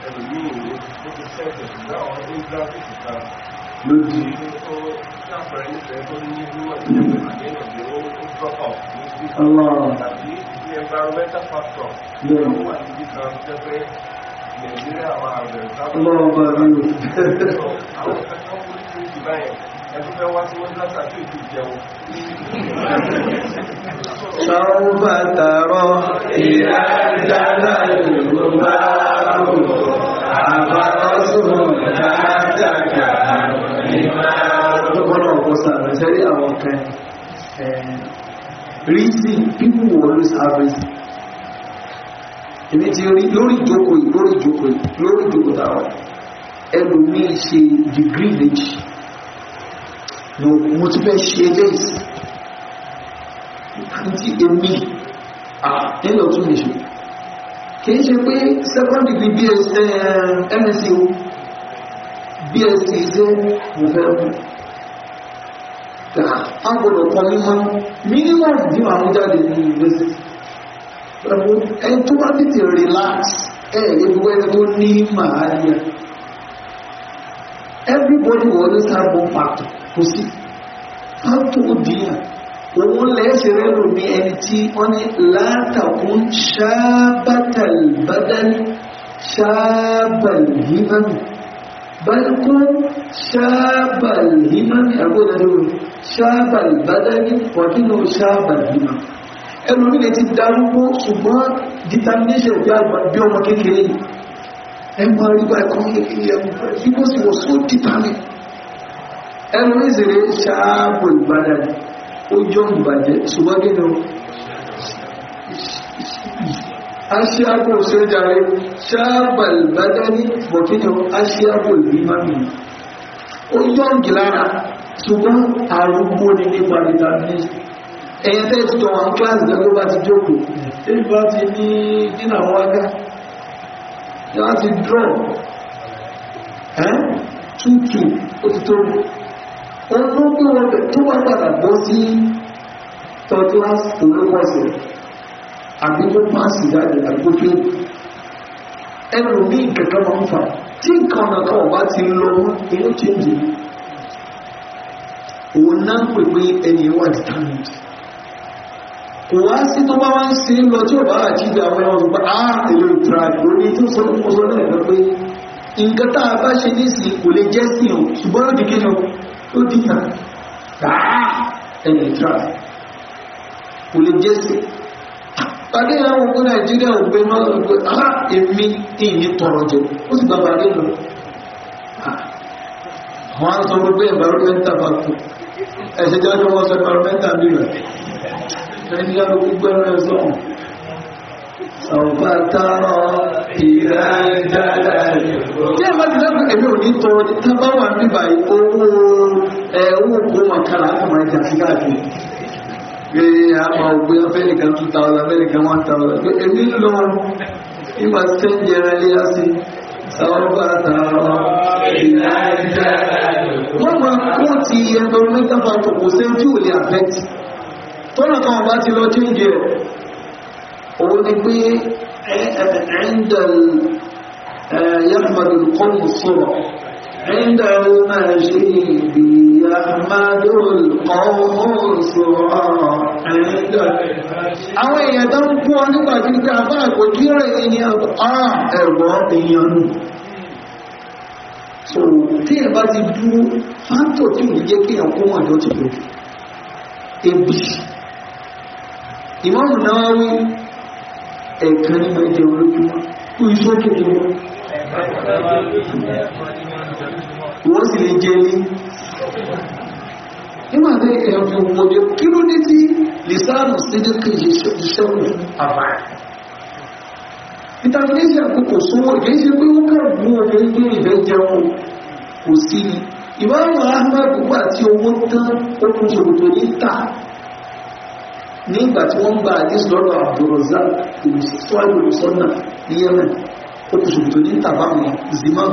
ẹlòmíì ní bàtàrọ̀ ìyá ìdáná ìlú bá rò reason people will always have reason èmi ti rí lórí ìjókòó yìí lórí ìjókòó yìí lórí ìjókòó táwọn ẹlòmíì ṣe degree méjì mo tún fẹ́ ṣe eléyìí àti èmi àtẹ́lọ̀ tún lè ṣe kìí ṣe pé second degree bsc msc o bí ẹ ṣe ṣe mo fẹ́ kú a gbọ́dọ̀ kọ mímọ́ minimum bí màá mú jáde ní university ẹni tó bá tètè relax ẹ ẹ gbogbo ẹni tó ní màá yẹ everybody will always have one factor kò sí factor ó dìyàn òun lẹ́ẹ̀ṣẹ̀ rẹ̀ lò ní ẹni tí wọ́n ní látàkùn ṣáàbàtàlì bàdánì ṣáàbàlì híbánì بل كن شاب الهمم أقول لهم شاب البدن وكنه شاب الهمم ẹlòmí lè ti darúgbó ṣùgbọ́n determination bí àgbà bí ọmọ kékeré ẹmọ àrígbà ẹ̀kọ́ kékeré ẹmọ because he was so determined ẹlòmí ìsèrè ṣáàbò ìbàdàn ó jọ ìbàjẹ́ ṣùgbọ́n gẹ́gẹ́ aṣíágùn sójàre ṣáàbàlbádání bọ̀kínú aṣíágùn ìmọ̀mí ó yọ́ǹgì lára ṣùgbọ́n àrùgbó ní nípa vitamin ẹ̀yẹ tẹ́ ti tọ̀wọ̀n kíláàsì náà ló bá ti jókòó èyí bá ti ní nínà wágá láti drọ́ ẹ́ tútù ó ti tó ọdún pé wọ́n tó wá padà bọ́ sí tọ́tílásì olókọ̀ọ́sẹ̀ àbí tó pàṣẹ jáde àbí tó fẹ́ ẹnu ní kẹ̀kẹ́ máa ń fà tí nǹkan ọ̀nà kan ọ̀bá ti ń lọ inú chéńjì òun náà ń pè pé ẹni wà determined kò wá sí tó bá wá ń sin lọ tí ọba àjíjà àwọn ọmọ ọgbà á èlò ìtura lórí tó ah, sọ fún ọsọ náà lọ pé nǹkan tá a bá ṣe nísìnyí kò lè jẹ́ sí o ṣùgbọ́n ló di kí lọ ó di tà dáa ẹ̀yìn ìtura kò lè jẹ́ sí o tàbí àwọn òkú nàìjíríà ò pé máa ń pè á èmi ìyí tọrọ jẹ ó sì gbàgbà àwọn àtọ gbogbo environmental factor ẹsẹ jẹ ọjọ wọn sọ environmental bíbẹ ẹni yàrá gbogbo ẹrọ ẹsọ ọhún. Sọ̀fà tọrọ ìrà ìjàdá rẹ̀. ẹ bá ti ò ní ní tábà wà níbàyí owó ẹ̀ kó màkàrà sí káàkiri. pé àwọn ògbé afẹ́nìkan two thousand afẹ́nìkan one thousand pé èmi ń lọ ìmọ̀ sẹ́ńjì ẹran ilé yá sí sáwọn bàtà wọ́n máa kó ti environmental factor kò sẹ́ń tí ò lè affect tọ́nà kan bá ti lọ change ẹ̀ òun ni pé ẹ̀ẹ́dẹ̀ẹ́dẹ̀ yàtọ̀ ìkọ́nù sọ̀rọ̀ عنده مجيدي يحمد القوم الصعاب àwọn èèyàn tó ń kú ọ nígbà tí tí a bá àkójú rẹ̀ èèyàn àà ẹ̀rọ èèyàn nù so tí ẹ bá ti dú fáńtò tí ò ní jẹ́ kí ẹ̀kọ́ wọn ti lò ebi ìmọ̀rùn náà wí ẹ̀kan nínú ẹ̀jẹ̀ olójúmọ́ kú iṣẹ́ kékeré wọ́n sì lè jẹ́ ní nígbà tí èèyàn fi owó dé kí ló dé tí lisanu sídìkì ìṣẹ́wò àbá determination kò kò súnmọ́ ìgbé ṣe pé ó kàn mú ọmọ ilé ìbẹ́ jẹun kò sí ni ìbáwọn ahmed gbogbo àti owó tán ó kún ṣòkòtò ní ta nígbà tí wọ́n gba àdís lọ́dọ̀ àbúrọ̀zá ìlú sọ́ọ̀lù sọ́nà ní yemen ó kún ṣòkòtò ní ta báwọn zimam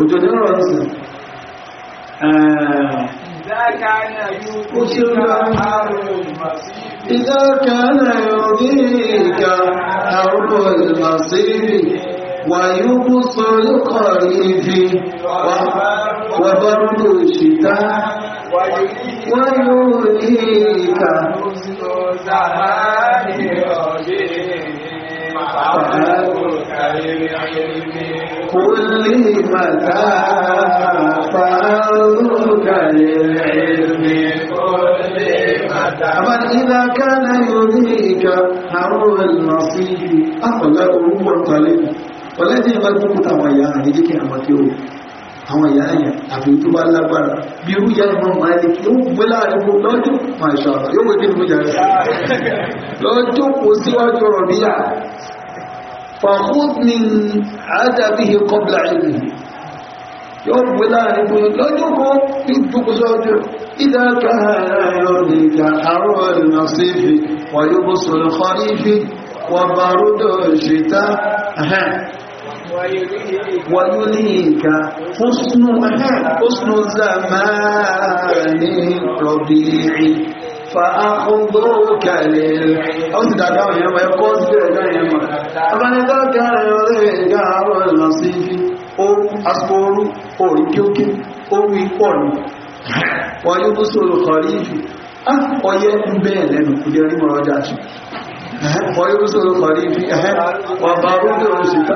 òjò ní ọ̀rọ̀ sí إذا كان يرضيك حرب المصير ويبص الخريف وبرد الشتاء ويوليك حسن زهار رجيم كل متى فأرضك للعلم من إذا كان يريك حر المصير أخلقه منطلق والذي يغلبك توايا يجيك أمكيو àwọn ìyá yẹn àbí tó bá lágbára bí irú ìyá ìmọ̀ máa lè kí ó gbé láàrin gbogbo lọ́jọ́ máa ṣọ́ra yóò wé nínú ìjà rẹ̀ lọ́jọ́ kò síwájú ọ̀rọ̀ níyà فخذ من عذابه قبل علمه yóò gbé láàrin pé lọ́jọ́ kan tí dúkú sọ́jọ́ ìdáka àyọ̀dìkà àrọ̀ ìrìnà sí ìfì wàyóbó sọ̀rọ̀ kọrí ìfì wà bá rúdọ̀ ìṣẹ́ta wàyúlìkà fún sínú ẹ̀hẹ́ ó sínú zàmáà ní rọ̀bìrì fàákùnbókàlẹ̀ ó sì dàgbà òyìn ọmọ ẹkọ́ kò rímọ̀ ọjà wà bá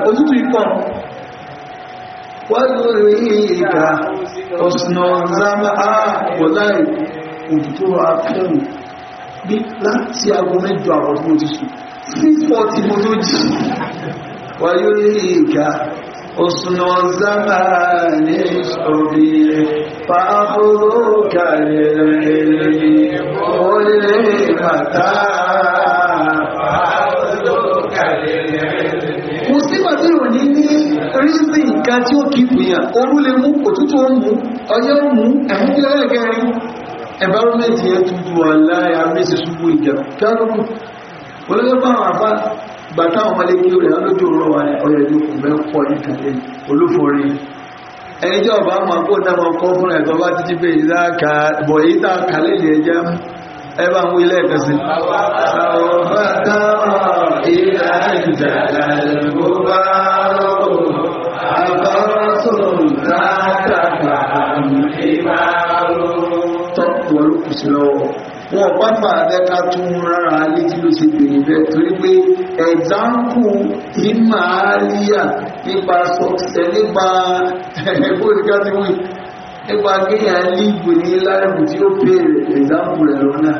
ojútù wọ́n yóò rí ìgbà ọ̀zá máa láì òdì tó rọra fẹ́rù bí láti aago mẹ́jọ àwọ̀ tí mo ti sùn six forty mo tó jì wà yóò lè ga òsùnà zábà ní ìṣòbí fàáfóró kàlẹ̀ lẹ́lẹ́ wọlé màtá fàáfóró kàlẹ̀ nǹkan tí ó kìí fìyàn orú lè mú òtútù ó mú ọjọ́ mú ẹ̀hún lẹ́lẹ́gẹ̀rin environment yẹn tuntun ọ̀la àmẹ́sì súnmú ìjà kíákùnkù olóyẹ́ bá àwọn àbá bàtà àwọn ọmọlẹ́kí rẹ̀ lójú ọ̀rọ̀ wa ọ̀yẹ̀ ní kò mẹ́kọ̀ọ́ ní ẹni jẹ́ kó dáma kọ́ fún bá pé ìdáka bọ̀ kàlẹ́ ẹjẹ́ ń Ìbára wọn pápá abẹ́ká tó ń rárá létí ló ṣe gbèrè bẹ́ẹ̀ torí pé ẹ̀dáńkù ìmọ̀ àríyà nípa sọ́ọ̀sẹ̀ nípa ẹ̀kọ́ ìkátìwì nípa kéèyàn líìgbò ní láìbù tí ó béèrè ẹ̀dáńkù rẹ̀ lọ́nà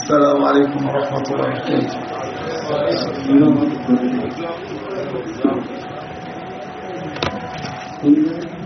Assalamu alaikum warahmatullahi wabarakatuh